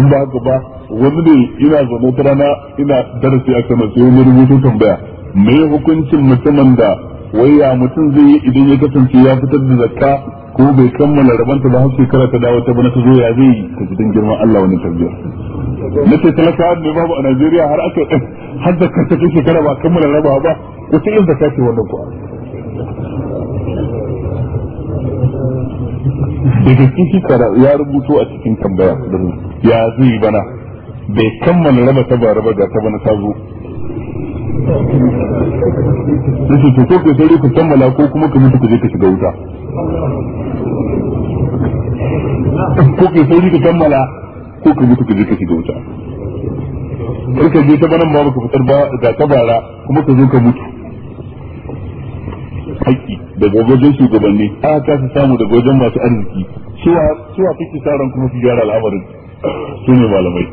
A: in ba haka ba wani ne ina zaune ta rana ina darasi a sama sai wani rubutu tambaya me hukuncin mutumin da waya mutum zai yi idan ya kasance ya fitar da zakka ko bai kammala rabanta ba har shekara ta dawo ta bana ta zo ya zai yi ta gidan girman Allah wani tarbiyya ce talaka ne babu a Najeriya har aka har da kanta take tara ba kammala rabawa ba wata irin ta ce wannan kuwa daga ciki kara ya rubuto a cikin tambaya ya zai bana bai kammala raba ta ba raba ga ta bana ta zo
C: yace to ko ke
A: sai kammala ko kuma ka mutu kaje je ka shiga wuta ko ke sai ka kammala ko ka mutu ka je ka shiga wuta Ka je ta banan ba ka fitar ba ga ta bara kuma ka zo ka mutu haƙƙi daga wajen shugabanni ka su samu daga wajen masu arziki cewa cewa kike sa kuma su gyara al'amarin su ne malamai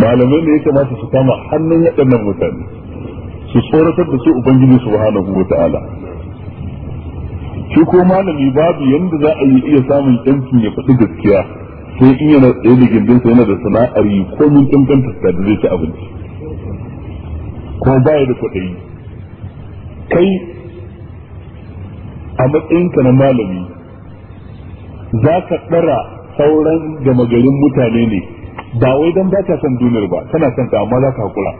A: malamai ne ya kamata su kama hannun waɗannan mutane su tsoratar da su ubangiji wahala wa ta'ala shi ko malami babu yadda za a yi iya samun yankin ya faɗi gaskiya sai in yana tsaye da gindin sa yana da sana'ar yi ko mun tantanta da zai ci abinci ko baya da kuɗi kai a matsayinka na malami za ka ɗara sauran gama garin mutane ne ba wai don ba ka son duniyar ba kana son ta amma za ka haƙura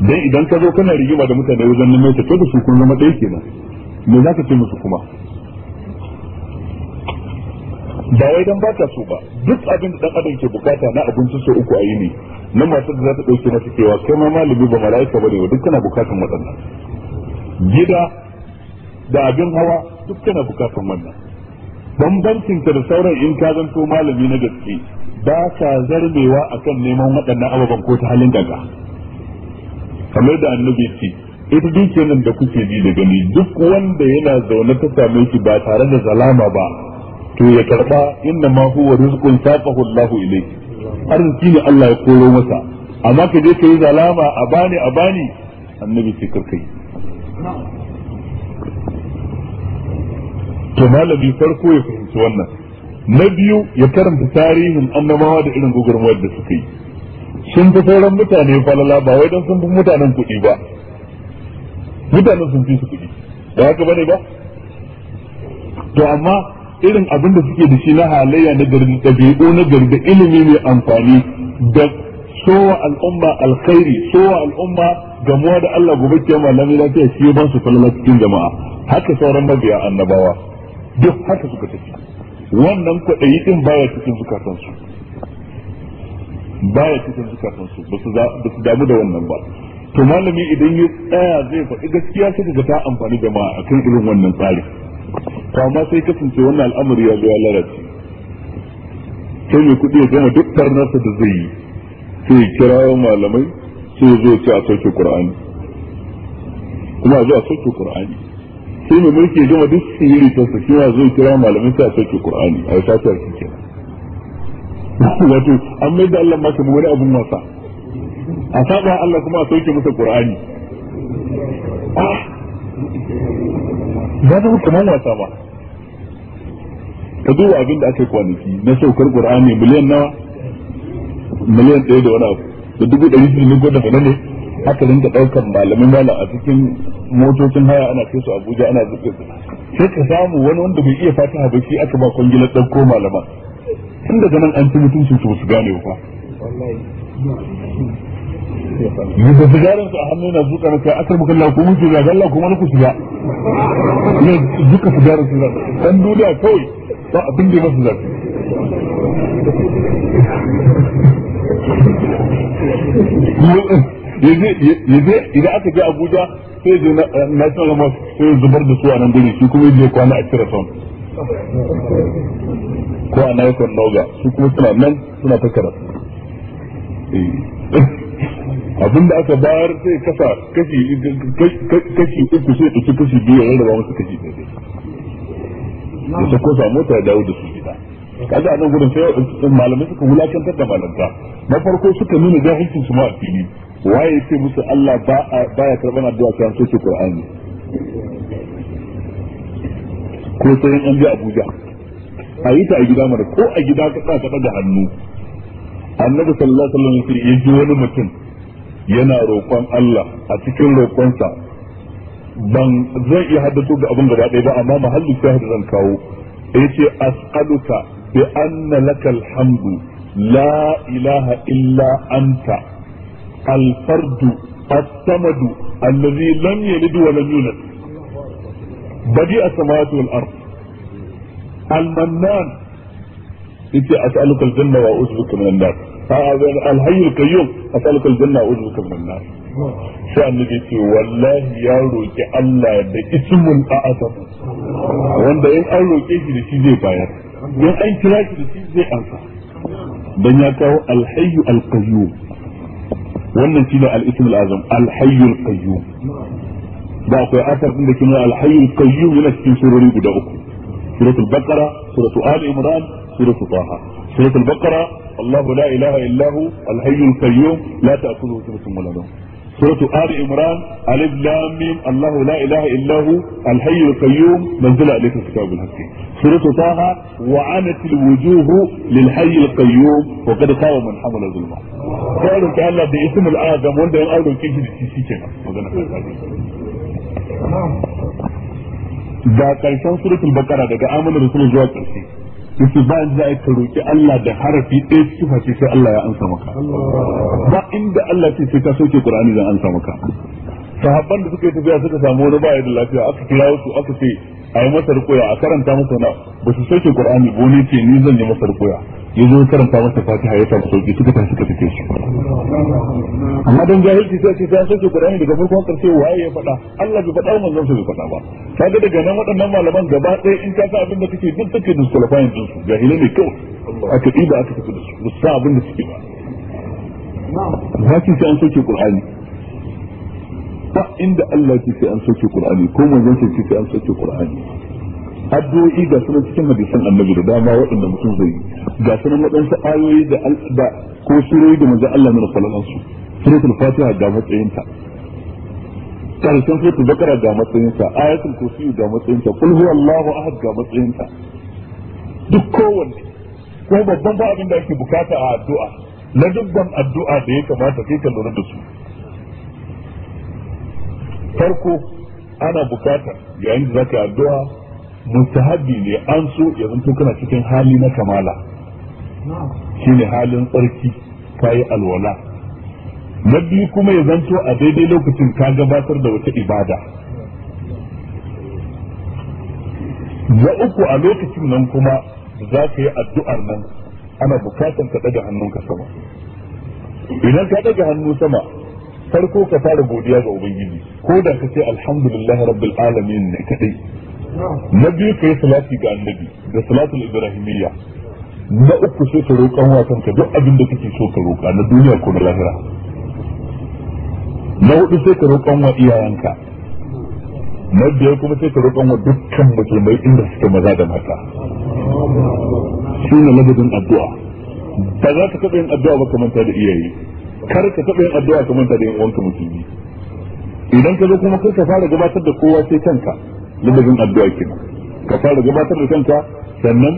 A: dan idan ka zo kana rigima da mutane wajen neman ta da su kun zama ɗaya kenan me za ka ce musu kuma ba wai dan bata so ba duk abin da dan adam ke bukata na abinci so uku ayi ne nan matar da za ta dauke masa cewa kai ma malami ba mala'ika bane ba duk kana bukatan wannan. gida da abin hawa duk kana bukatan wannan bambancin ka da sauran in ka zanto malami na gaske ba ka zarmewa akan neman waɗannan ababen ko ta halin daga kamar da annabi ce ita dukiyar da kuke ji da gani duk wanda yana zaune ta same shi ba tare da zalama ba to ya karba inna ma huwa rizqun taqahu Allah ilayhi arziki ne Allah ya koro masa amma ka je ka yi zalama a bani a bani annabi ce karkai to malami farko ya fahimci wannan na biyu ya karanta tarihin annabawa da irin gugurmawar da suka yi sun fi sauran mutane falala ba wai don sun fi mutanen kuɗi ba mutanen sun fi su kuɗi ba haka bane ba to amma irin abin da suke da shi na halayya na gari ɗabi'u na gari da ilimi mai amfani da sowa al'umma alkhairi sowa al'umma gamuwa da Allah gobe kiyama lami lafiya shi ban su falala cikin jama'a haka sauran mabiya annabawa duk haka suka tafi wannan kwaɗayi din baya cikin zukatansu baya cikin zukatansu ba su damu da wannan ba to malami idan ya tsaya zai faɗi gaskiya suka ga ta amfani jama'a akan irin wannan tsarin. to amma sai kasance wannan al'amari ya zo ya lalace sai mai kuɗi ya gama duk tarnarsa da zai yi sai ya kira malamai sai ya zo ce a sauke qur'ani kuma a zo a sauke qur'ani sai mai mulki ya gama duk sihiri ta sa kira zo kira malamai sai a sauke qur'ani a ta ta shi kenan wato an mai da Allah ma kamar wani abun wasa a saba Allah kuma a sauke masa qur'ani ba da kamar wasa ba ka duba abin da aka yi kwanaki na saukar qur'ani miliyan nawa miliyan ɗaya da wani abu da dubu ɗari biyu ne ko da ne aka rinka ɗaukar malamin mala a cikin motocin haya ana kai su abuja ana zuke su sai ka samu wani wanda bai iya fata ba shi aka ba kwangilar ɗauko malama tun daga nan an ci mutuncin su su gane ba yi da sigarin su a hannu na zuka na kai asar mukan lafi mun shiga zalla kuma na ku shiga ne zuka sigarin su zalla dan duniya kawai ba abin da Abuja sai da su a nan kuma eh. abinda aka bayar sai kasa kashi uku sai kashi biyu ya ba masu kashi ya sako sa mota ya dawo da su gida kaga a nan gudun sai malamai suka wulakantar da malanta na farko suka nuna jahilcin su ma a fili waye ya ce musu Allah ba ya karɓar addu'a sai an soke Qur'ani ko sai an bi Abuja a yi ta a gida mara ko a gida ka sa ka da hannu annabi sallallahu alaihi wasallam ya ji wani mutum yana roƙon Allah a cikin roƙonsa ban zan iya haddace da abin gaba ɗaya ba amma mahallu shahid zan kawo da yake as'aluka bi anna laka alhamdu la ilaha illa anta alfardu as-samadu allazi lam yalid wa lam yulad badi as-samawati al-mannan yake as'aluka al-janna wa uzbuka min an-nar fa al-hayyul qayyum as'aluka al-janna wa uzbuka min an sai annabi ce wallahi ya roki Allah da ismul a'azam
C: wanda in an
A: roke shi da shi zai bayar
C: in an kira shi da shi zai amsa
A: dan ya kawo alhayyu alqayyum wannan shi ne al-ismul azam alhayyul qayyum da akwai asar din da ke alhayyul qayyum yana cikin surori guda uku suratul baqara suratul ali imran suratul taha suratul baqara الله لا إله إلا هو الحي القيوم لا تأخذه سنة ولا نوم سورة آل عمران ألف لام ميم الله لا إله إلا هو الحي القيوم نزل عليك الكتاب الحق سورة طه وعنت الوجوه للحي القيوم وقد خاب من حمل ظلما قالوا تعالى باسم الآدم وانت الأرض كيف تسيكنا da karshen suratul bakara daga amanar rasul zuwa karshe yace ba za a ka roki Allah da harafi ɗaya cikin sai Allah ya ansa maka ba inda Allah ce sai ka soke Qur'ani zan ansa maka sahabban da suka yi tafiya suka samu wani baya da lafiya aka kira su aka ce a yi masa rukuya a karanta masa na ba su soke qur'ani ba wani ce ni zan yi masa rukuya ya zo karanta masa fatiha ya samu sauki suka tafi suka tafi su amma dan jahilci sai ce ta soke qur'ani daga farkon karshe waye ya faɗa Allah bai faɗa manzon sa bai faɗa ba kaga daga nan waɗannan malaman gaba ɗaya in ka sa abin da kake duk take disqualifying din su jahilai ne kawai aka ɗiba aka tafi da su ba abin da suke ba zaki sai an soke qur'ani ba inda Allah ke sai an soke Qur'ani ko manzon ke sai an soke Qur'ani addu'o'i ga sunan cikin hadisan annabi da dama waɗanda mutum zai yi ga sunan waɗansu ayoyi da da ko surori da manzon Allah mana sallallahu alaihi wasallam suratul fatiha ga matsayinta karshen suratul bakara ga matsayinta ayatul kursi ga matsayinta qul huwallahu ahad ga matsayinta duk kowanne ko babban ba abin da ake bukata a addu'a na dubban addu'a da ya kamata kai ka lura da su farko ana bukata yayin da zaka addu'a mustahabi ne an so ya zanto kana cikin hali na kamala shine halin tsarki kayi alwala na kuma ya zanto a daidai lokacin ka gabatar da wata ibada na uku a lokacin nan kuma za ka yi addu'ar nan ana bukatar ka ɗaga hannunka sama idan ka ɗaga hannu sama farko ka fara godiya ga ubangiji ko da ka ce alhamdulillah rabbil alamin ne kadai na biyu kai yi salati ga annabi da salatul ibrahimiyya na uku sai ka roƙa wasan ka duk abin da kake so ka roƙa na duniya ko na lahira na hudu sai ka roƙa wa iyayenka na biyar kuma sai ka roƙa wa dukkan musulmai inda suke maza da mata shi ne madadin addu'a ba za ka taɓa yin addu'a ba kamanta da iyaye kar ka taɓa yin addu'a ka manta da yin uwanka musulmi idan ka zo kuma kar ka fara gabatar da kowa sai kanka ladabin addu'a ke ka fara gabatar da kanka sannan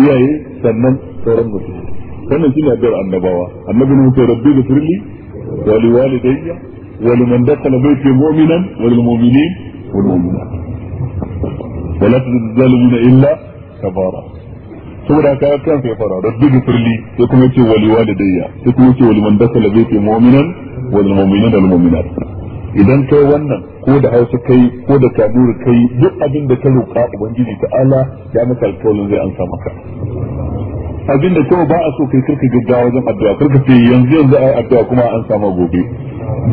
A: iyaye sannan sauran musulmi shi ne addu'ar annabawa annabi ne mutum rabbi da firli wa liwalidayya wa man dakala baiti mu'minan wa lil mu'minin wal mu'minat ولا تزد illa الا كبارا saboda haka kansa ya fara rabbi furli sai kuma yace wali walidayya sai kuma yace wali man dakala baiti mu'minan wal mu'minat al mu'minat idan kai wannan ko da hausa kai ko da kaduru kai duk abin da ka roƙa ubangiji ta ala ya maka alƙawarin zai ansa maka abin da kawai ba a so kai kirki gaggawa wajen addu'a kirki ce yanzu yanzu ai addu'a kuma an samu gobe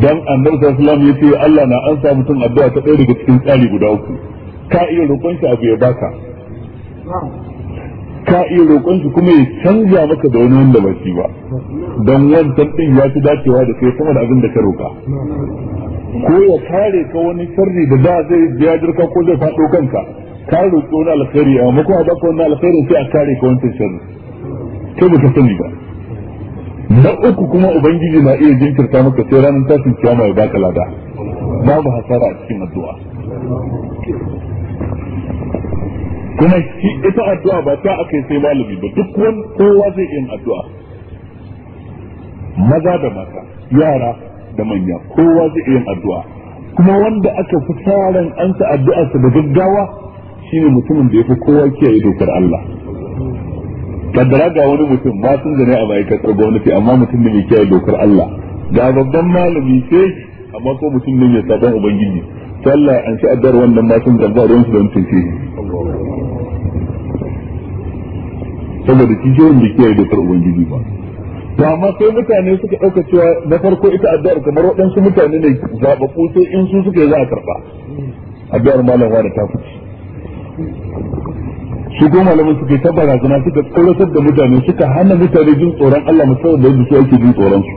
A: dan annabi sallallahu alaihi wasallam yace Allah na an samu tun addu'a ta ɗaya daga cikin tsari guda uku ka iya roƙon shi abu ya baka ka iya roƙon kuma ya canza maka da wani wanda ba shi ba don wancan ɗin ya fi dacewa da kai sama da abin da ka roƙa ko ya kare ka wani sharri da da zai biya ka ko zai faɗo kanka ka roƙi wani alkhairi a maimakon a baka wani alkhairi sai a kare ka wancan sharri kai baka sani ba na uku kuma ubangiji na iya jinkirta maka sai ranar tashin kiyama ya baka lada babu hasara a cikin
C: addu'a
A: kuma shi ita addu'a ba ta aka yi sai malami ba duk wani kowa zai yin addu'a maza da mata yara da manya kowa zai yin addu'a kuma wanda aka fi tsarin ansa addu'a su da gaggawa shine mutumin da ya fi kowa kiyaye dokar Allah kaddara ga wani mutum ba sun zane a ma'aikatar gwamnati amma mutum ne mai kiyaye dokar Allah ga babban malami ce amma ko mutum ne ya sabon ubangiji sallah an sha'adar wannan matan zamba don su don tunce saboda shi shi wanda kiyaye dokar ubangiji ba to amma sai mutane suka ɗauka cewa na farko ita addu'ar kamar waɗansu mutane ne zaɓaɓɓu sai in su suka yi za a karɓa addu'ar malam da ta fice su ko malaman suka yi ta barazana suka tsoratar da mutane suka hana mutane jin tsoron Allah musamman da yadda su ake jin tsoron su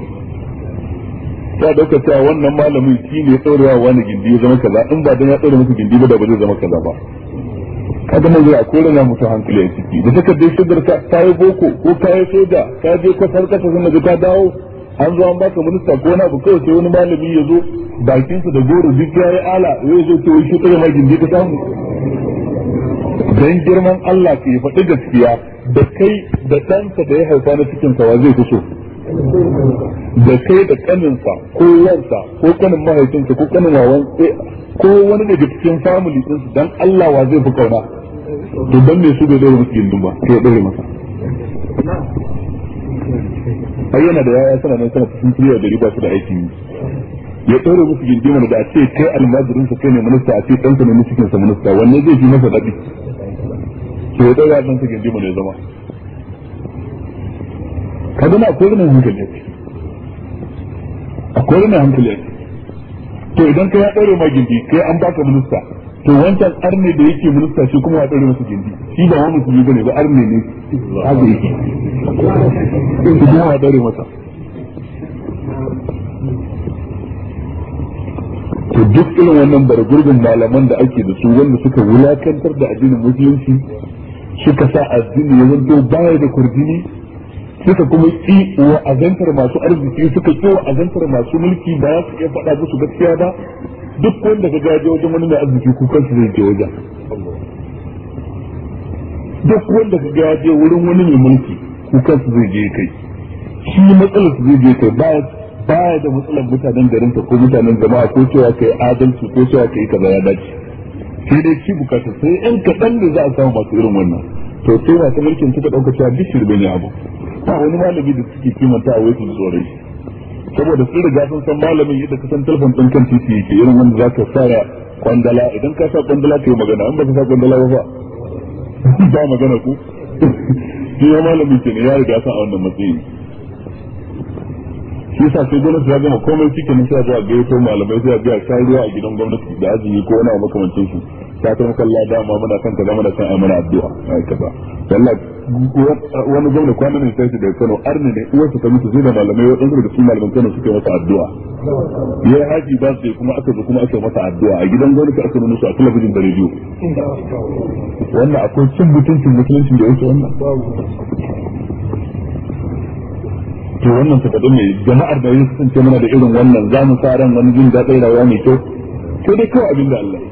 A: ta dauka cewa wannan malamin shi ne tsorewa wani gindi ya zama kaza in ba dan ya tsore musu gindi ba da ba zai zama kaza ba kaga nan zai a kore na mutu hankali a ciki da takardar shaidar ka ta yi boko ko ka yi soja ka je kwasar kasa sun daga ta dawo an zo an baka minista ko na bukawa sai wani malami ya zo bakinsa da goro duk ya yi ala ya zo ta wani shekaru mai gindi ka samu don girman Allah ke faɗi gaskiya da kai da ɗansa da ya haifa na cikin wa zai fi so da kai da kaninsa ko yansa ko kanin mahaifinsa ko kanin wawan eh, ko wani daga cikin family ɗinsu don Allah wa zai fi kauna to dan su bai dore musu yin ba to ya dore masa ai yana da yaya sana nan sana sun kiriya da riba su da aikin ya dore musu gindin mana da a ce kai almajirin sa kai ne minista a ce dan sa ne mutukin sa minista wanne zai fi masa dadi to ya dore dan ka gindin mana ya zama kaga na akwai wannan hankali akwai wannan hankali to idan kai ya dore ma gindi kai an baka minista to wancan arne da yake minista shi kuma watsare masa gindi shi ba wani musulmi bane ba arne ne haka yake shi kuma watsare masa to duk irin wannan bargurbin malaman da ake da su wanda suka wulakantar da addinin musulunci suka sa addini ya zanto baya da kurjini suka kuma ki wa azantar masu arziki suka ki wa azantar masu mulki ba su iya faɗa musu gaskiya ba duk wanda ka gaje wajen wani mai arziki ku kansu zai je wajen duk wanda ka gaje wurin wani mai mulki ku kansu zai je kai shi matsalar su zai je kai ba baya da matsalar mutanen garin ta ko mutanen jama'a ko cewa ka yi adalci ko cewa yi kaza ya dace sai dai shi bukata sai yan kaɗan da za a samu masu irin wannan to sai masu mulkin suka ɗauka cewa duk abu ba wani malami da suke kimanta a wai su tsorai saboda sun riga sun san malamin yadda ka san telefon ɗin kan titi yake irin wanda za ka sa kwandala idan ka sa kwandala ka yi magana an ba ka sa kwandala ba fa ba magana ku shi ya malami ke ne ya riga sa a wannan matsayi shi sa sai gwamnati ta gama komai cikin sai a zuwa gayyato malamai sai a biya shan ruwa a gidan gwamnati da ajiye ko wani makamancin su fatar muka Allah dama muna kanta ka zama da son ai mana addu'a ai kaza Allah wani gwamna kwana ne sai da Kano arni ne uwarsa ta mutu sai da malamai waɗansu daga cikin malaman Kano suke masa addu'a ya yi haji ba su kuma aka zo kuma aka masa addu'a a gidan gwamnati aka nuna su a talabijin da rediyo wannan akwai cin mutuncin mutuncin da yake wannan to wannan ta kaɗan ne jama'ar da yin sun ce muna da irin wannan za mu fara ran wani jin daɗin rayuwa mai kyau sai dai kawai abin da Allah ya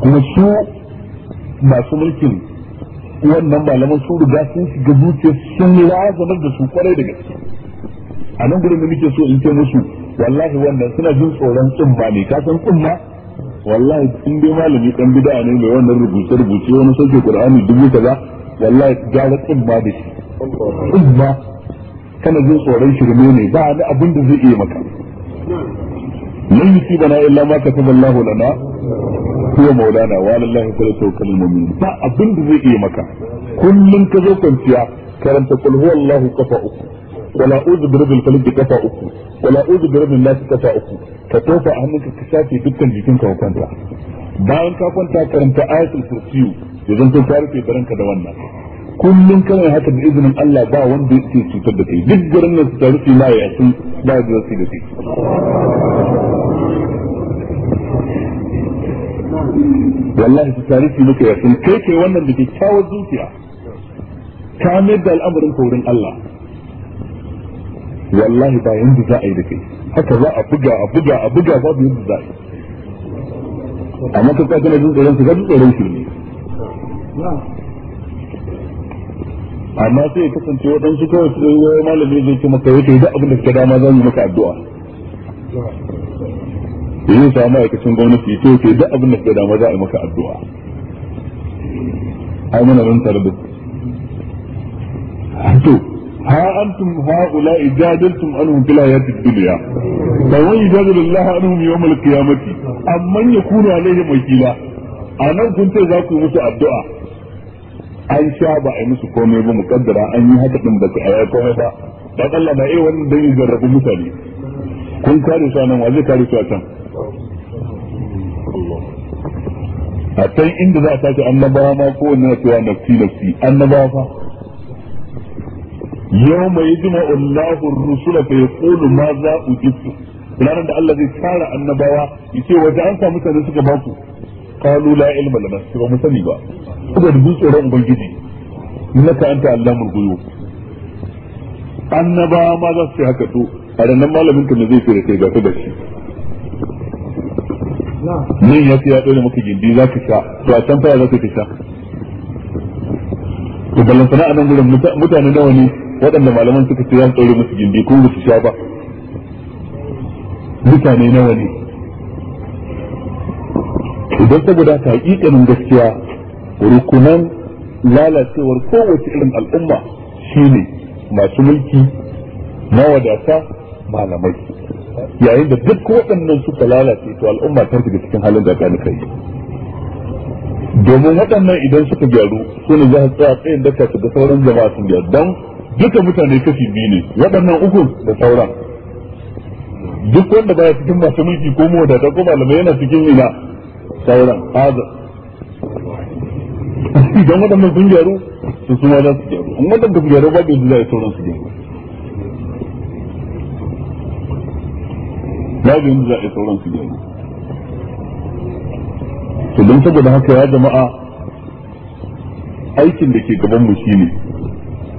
A: kuma su masu mulkin wannan malaman sun riga sun shiga zuciya sun razanar da su kwarai da gaske a nan gurin da muke so in ce musu wallahi wannan suna jin tsoron ba ne kasan san tsumma wallahi sun dai malami dan bid'a ne mai wannan rubuce rubuce wani sauke qur'ani dubu kaza wallahi tsin ba da shi tsumma kana jin tsoron shirme ne ba ni abin da zai iya maka lan yusibana illa ma kataba lana huwa maulana wa lillahi ba abin zai iya maka kullun ka zo kwanciya karanta kul huwallahu kafa uku wala uzu bi rabbil falaq kafa uku wala uzu bi rabbin nas kafa uku ka tofa a hannunka ka shafe dukkan jikinka ka kwanta bayan ka kwanta karanta ayatul kursiyu ya zanto ka rufe baranka da wannan kullum kana haka da izinin Allah ba wanda yake cutar da kai duk garin
C: nan su taru ya
A: su da kai wallahi su tarihi muke yakin sun kai wannan da kyakkyawar zuciya ka mai da al'amarin wurin Allah wallahi ba yanzu za a yi da kai haka za a buga a buga a buga babu yanzu za a yi amma ka kwakwala jin tsoron su gaji tsoron su ne amma sai ya kasance waɗansu kawai su yi malami zai ce maka yake da abin da suka dama zan yi maka addu'a da yi sa ma'aikacin gwamnati to ce duk abin da ke da za a yi maka addu'a ai muna nan tare da to ha antum haula ijadaltum anhum fil hayatid dunya fa wa ijadalullah anhum yawm al qiyamati amman yakunu alayhi wakila anan kun ce za ku musu addu'a an sha ba a yi musu komai ba mukaddara an yi haka din ba ku ayi komai ba dan Allah ba iya wannan dan zarrabu jarrabu mutane kun kare su nan wa zai kare su a can a can inda za a tashi annabawa ma kowanne na cewa nafsi nafsi annabawa fa yawma yajma'u Allahu ar-rusula fa yaqulu ma za ujibtu ranar da Allah zai tara annabawa ya ce wata an samu sanin suka ba ku qalu la ilma lana ba mu sani ba saboda bin tsoron ubangiji innaka anta allamul ghuyub annabawa ma za su yi haka to a ranar malamin ka ne zai fere kai ga da shi nan ya ya ɗaya muka gindi za ka sha to a can faya za ka sha to ballan sana'a nan gurin mutane nawa ne waɗanda malaman suka ce za su ɗaure musu gindi ko su sha ba mutane nawa ne idan saboda ta hakikanin gaskiya rukunan lalacewar kowace irin al'umma shine masu mulki mawadata malamai yayin da duk waɗannan suka lalace to al'umma ta shiga cikin halin da gani kai domin waɗannan idan suka gyaru su ne za su tsaya tsayin daka su da sauran jama'a sun gyaru don duka mutane kashi biyu ne waɗannan uku da sauran duk wanda baya cikin masu mulki ko mawadata ko malamai yana cikin ina sauran haza idan waɗannan sun gyaru su suma za su gyaru in waɗanda su gyaru ba bai zai sauran su gyaru babu yanda za a yi sauran su gyaru to don saboda haka ya jama'a aikin da ke gaban mu shine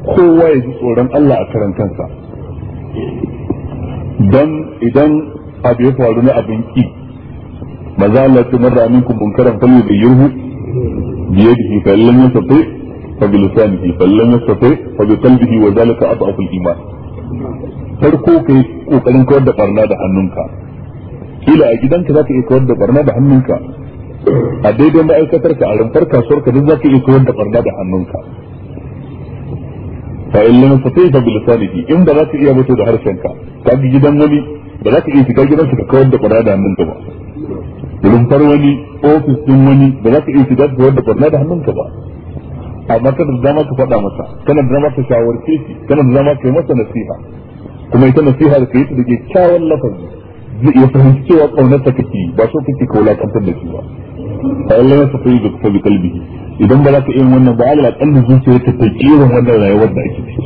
A: kowa ya ji tsoron Allah a karan kansa don idan abu ya faru na abin ki ba za Allah ta marra minkum munkaran falyu da yurhu biyadihi fa lam yastati fa bi lisanihi fa lam yastati fa bi qalbihi wa zalika adhafu al-iman farko ka yi kokarin kawar da barna da hannunka kila a gidanka za ka iya kawar da barna da hannunka a daidai ma'aikatar ka a rumfar kasuwar ka duk za ka iya kawar da barna da hannunka fa in lam tatifa bi lisanihi in ba za ka iya mutu da harshenka ka ga gidan wani ba za ka iya shiga gidansa ka kawar da barna da hannunka ba rumfar wani ofis din wani ba za ka iya shiga da kawar da barna da hannunka ba amma kana da dama ka faɗa masa kana da dama ka shawarce shi kana da dama ka yi masa nasiha kuma ita nasiha da kai da kyakkyawan lafazi iya fahimci cewa kaunar ta kake ba so kake ka wulakantar da shi ba fa Allah ya safi da kafa kalbi idan ba za ka iya wannan ba Allah da zuciya ta kiran wannan rayuwar da ake ciki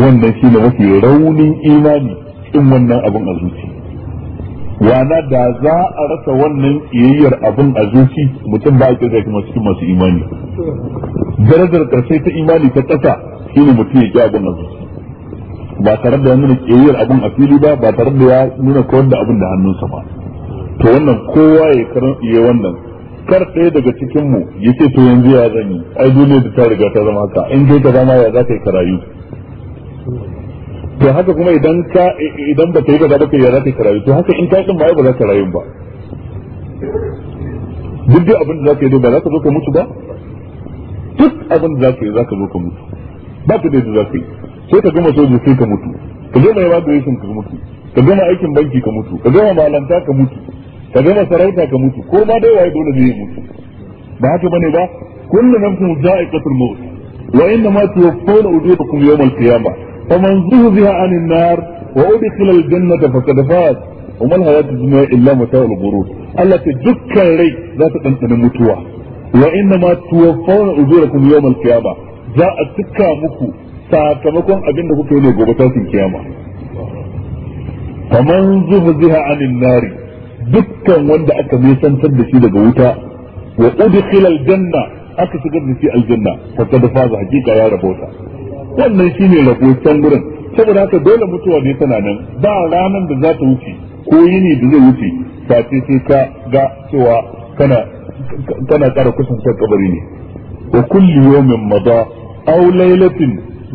A: wannan shi ne mafi raunin imani in wannan abin a zuci wana da za a rasa wannan iyayyar abin a zuci mutum ba a kirga kuma cikin masu imani darajar karshe ta imani ta ƙasa shine mutum ya ki abin a zuci ba tare da ya nuna ƙeyar abin a fili ba ba tare da ya nuna kawar da abin da hannunsa ba to wannan kowa ya karan iya wannan kar ɗaya daga cikinmu ya ce to yanzu ya zan yi ai duniya da ta riga ta zama haka in kai ta zama ya za ka yi karayu to haka kuma idan ka idan ba ka yi gaba ba yi ya za ka yi karayu to haka in ka yi din ba ba za ka rayu ba duk abin da za ka yi ba za ka zo ka mutu ba duk abin da za ka yi za ka zo ka mutu ba ka da za ka yi sai ka gama soja sai ka mutu ka gama evacuation ka mutu ka gama aikin banki ka mutu ka gama malanta ka mutu ka gama sarauta ka mutu ko ma dai waye dole zai mutu ba haka bane ba kullu nafsin za'iqatul maut wa inna ma tuwaffawna ujurakum yawm al-qiyamah faman zuhziha 'anil nar wa udkhila al-jannata faqad faz wa mal hayatu dunya illa mata'ul ghurur Allah ta dukkan rai za ta dantsana mutuwa wa inna ma tuwaffawna ujurakum yawm al-qiyamah za a cika muku sakamakon abin da kuka yi ne gobe tasin kiyama zuhu ziha anin nari dukkan wanda aka nisantar da shi daga wuta wa udkhila aljanna aka shigar da shi aljanna da faza hakika ya rabota wannan shine rabo can gurin saboda haka dole mutuwa ne tana nan ba ranan da za ta wuce ko yini da zai wuce face sai ka ga cewa kana kana kara kusantar kabari ne wa kulli yawmin mada أو ليلة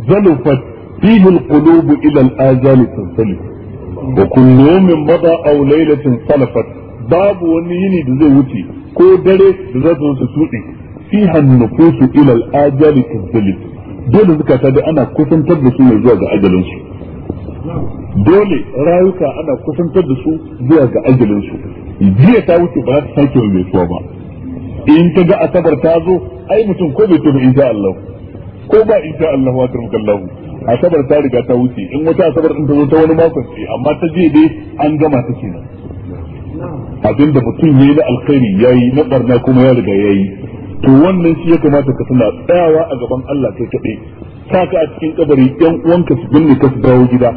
A: زلفت فيه القلوب إلى الآذان تنسلف وكل يوم مضى أو ليلة صلفت باب ونيني بزوتي كو دري بزوتي سوتي فيها النفوس إلى الآجال تنسلف dole zukata da ana kusantar da su ne ga ajalinsu
B: dole rayuka
A: ana kusantar da su zuwa ga ajalinsu jiya ta wuce ba za ta sake mai ba in ka ga asabar ta zo ai mutum ko bai ce ba insha ko ba sha Allah wa tarka Allah asabar ta riga ta wuce in wata asabar din ta zo ta wani makon ce amma ta je dai an gama ta kenan abinda mutum yayi na alkhairi yayi na barna kuma ya riga yayi to wannan shi ya kamata ka tana tsayawa a gaban Allah kai kaɗai saka a cikin kabari ɗan uwanka su binne ka su dawo gida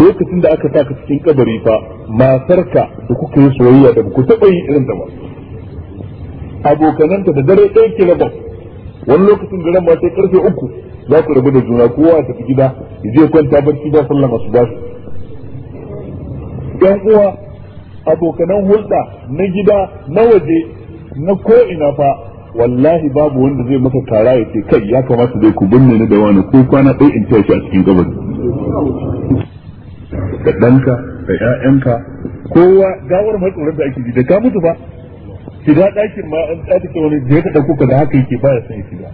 A: lokacin da aka saka cikin kabari fa matarka da kuka yi soyayya da ku taɓa yi irin ta ba abokananta da dare ɗaya ke ba. wani lokacin da ba sai karfe uku za ku rabu da juna kowa tafi gida zai kwanta barci ba sallan masu ba su yan uwa abokanan hulɗa na gida na waje na ko'ina fa wallahi babu wanda zai maka kara ya ce kai ya kamata zai ku binne ni da wani ko kwana ɗaya in tashi a cikin gabas da ɗanka da 'ya'yanka, kowa gawar matsoron da ake ji da ka mutu ba shiga ɗakin ma an tsaka ce wani da ya ɗauko ka da haka yake baya son shiga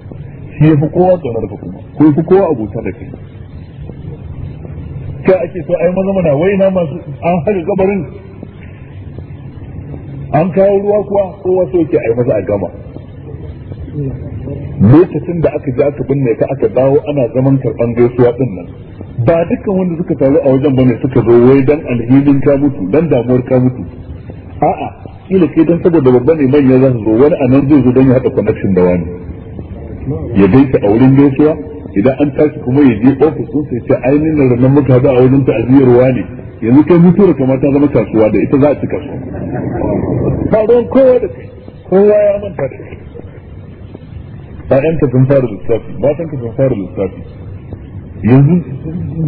A: shi ya fi kowa tsoron ka kuma ko ya fi kowa abota da kai ka ake so ai maza mana wai na masu an haka gabarin. an kawo ruwa kuwa kowa so yake ai maza a gama lokacin da aka ji aka binne ka aka dawo ana zaman karɓan gaisuwa ɗin nan ba dukkan wanda suka taru a wajen bane suka zo wai dan alhinin ka mutu dan damuwar ka mutu a'a kila kai don saboda babba ne manya za su zo wani a nan zai zo don ya haɗa connection da wani ya gaita a wurin gaisuwa idan an tashi kuma ya je ofis sun sai ce ainihin na ranar muka haɗu a wajen ta'aziyarwa ne yanzu kai mutuwar kamar ta zama kasuwa da ita za a ci kasuwa ba don kowa da kai kowa ya manta da kai ƴaƴanka sun fara lissafi matanka sun fara lissafi yanzu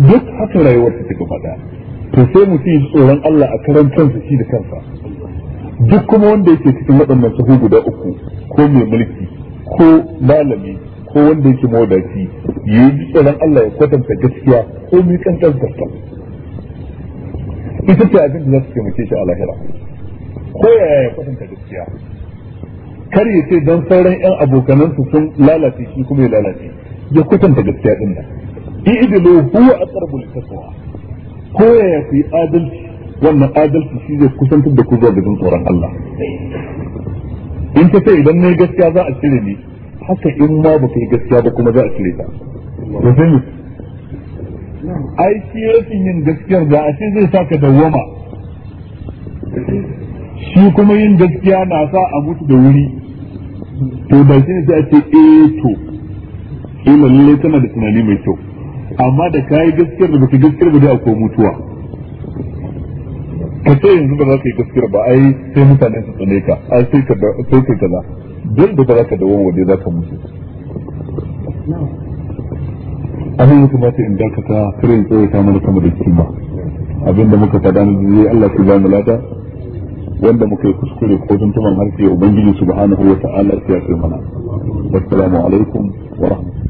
A: duk haka rayuwar ta gaba to sai mutum tsoron Allah a karan kansa shi da kansa duk kuma wanda yake cikin waɗannan sahu guda uku ko mai mulki ko malami ko wanda yake mawadaci ya yi tsoron Allah ya kwatanta gaskiya ko mai kankan zartar ita ce abin da za su taimake shi a lahira ko yaya ya kwatanta gaskiya kar ya ce don sauran yan abokanansu sun lalace shi kuma ya lalace ya kwatanta gaskiya din nan i'dilu huwa aqrabu lit taqwa ko ya yi adalci wannan adalci shi zai kusantar da ku zuwa gajin tsoron Allah in ta sai idan nayi gaskiya za a cire ni haka in ma ba yi gaskiya ba kuma za a cire ta to sai ai shi rashin yin gaskiyar da a ce zai ka dawwama shi kuma yin gaskiya na sa a mutu da wuri to da shi ne sai a ce eh to ila eh, tana da tunani mai kyau amma da ka yi gaskiyar da baka gaskiyar ba da akwai mutuwa ka yanzu ba za ka yi gaskiya ba ai sai mutane su tsane ka ai sai ka sai ka kaza duk da ba za ka dawo waje za ka mutu abin ya kamata in dakata kare tsaye ta mana kama da kima da muka faɗa na zuwa Allah ki ba mu lada wanda muka yi kuskure ko tuntuman
C: harshe ubangiji subhanahu wa ta'ala ya kai mana assalamu alaikum wa rahmatullahi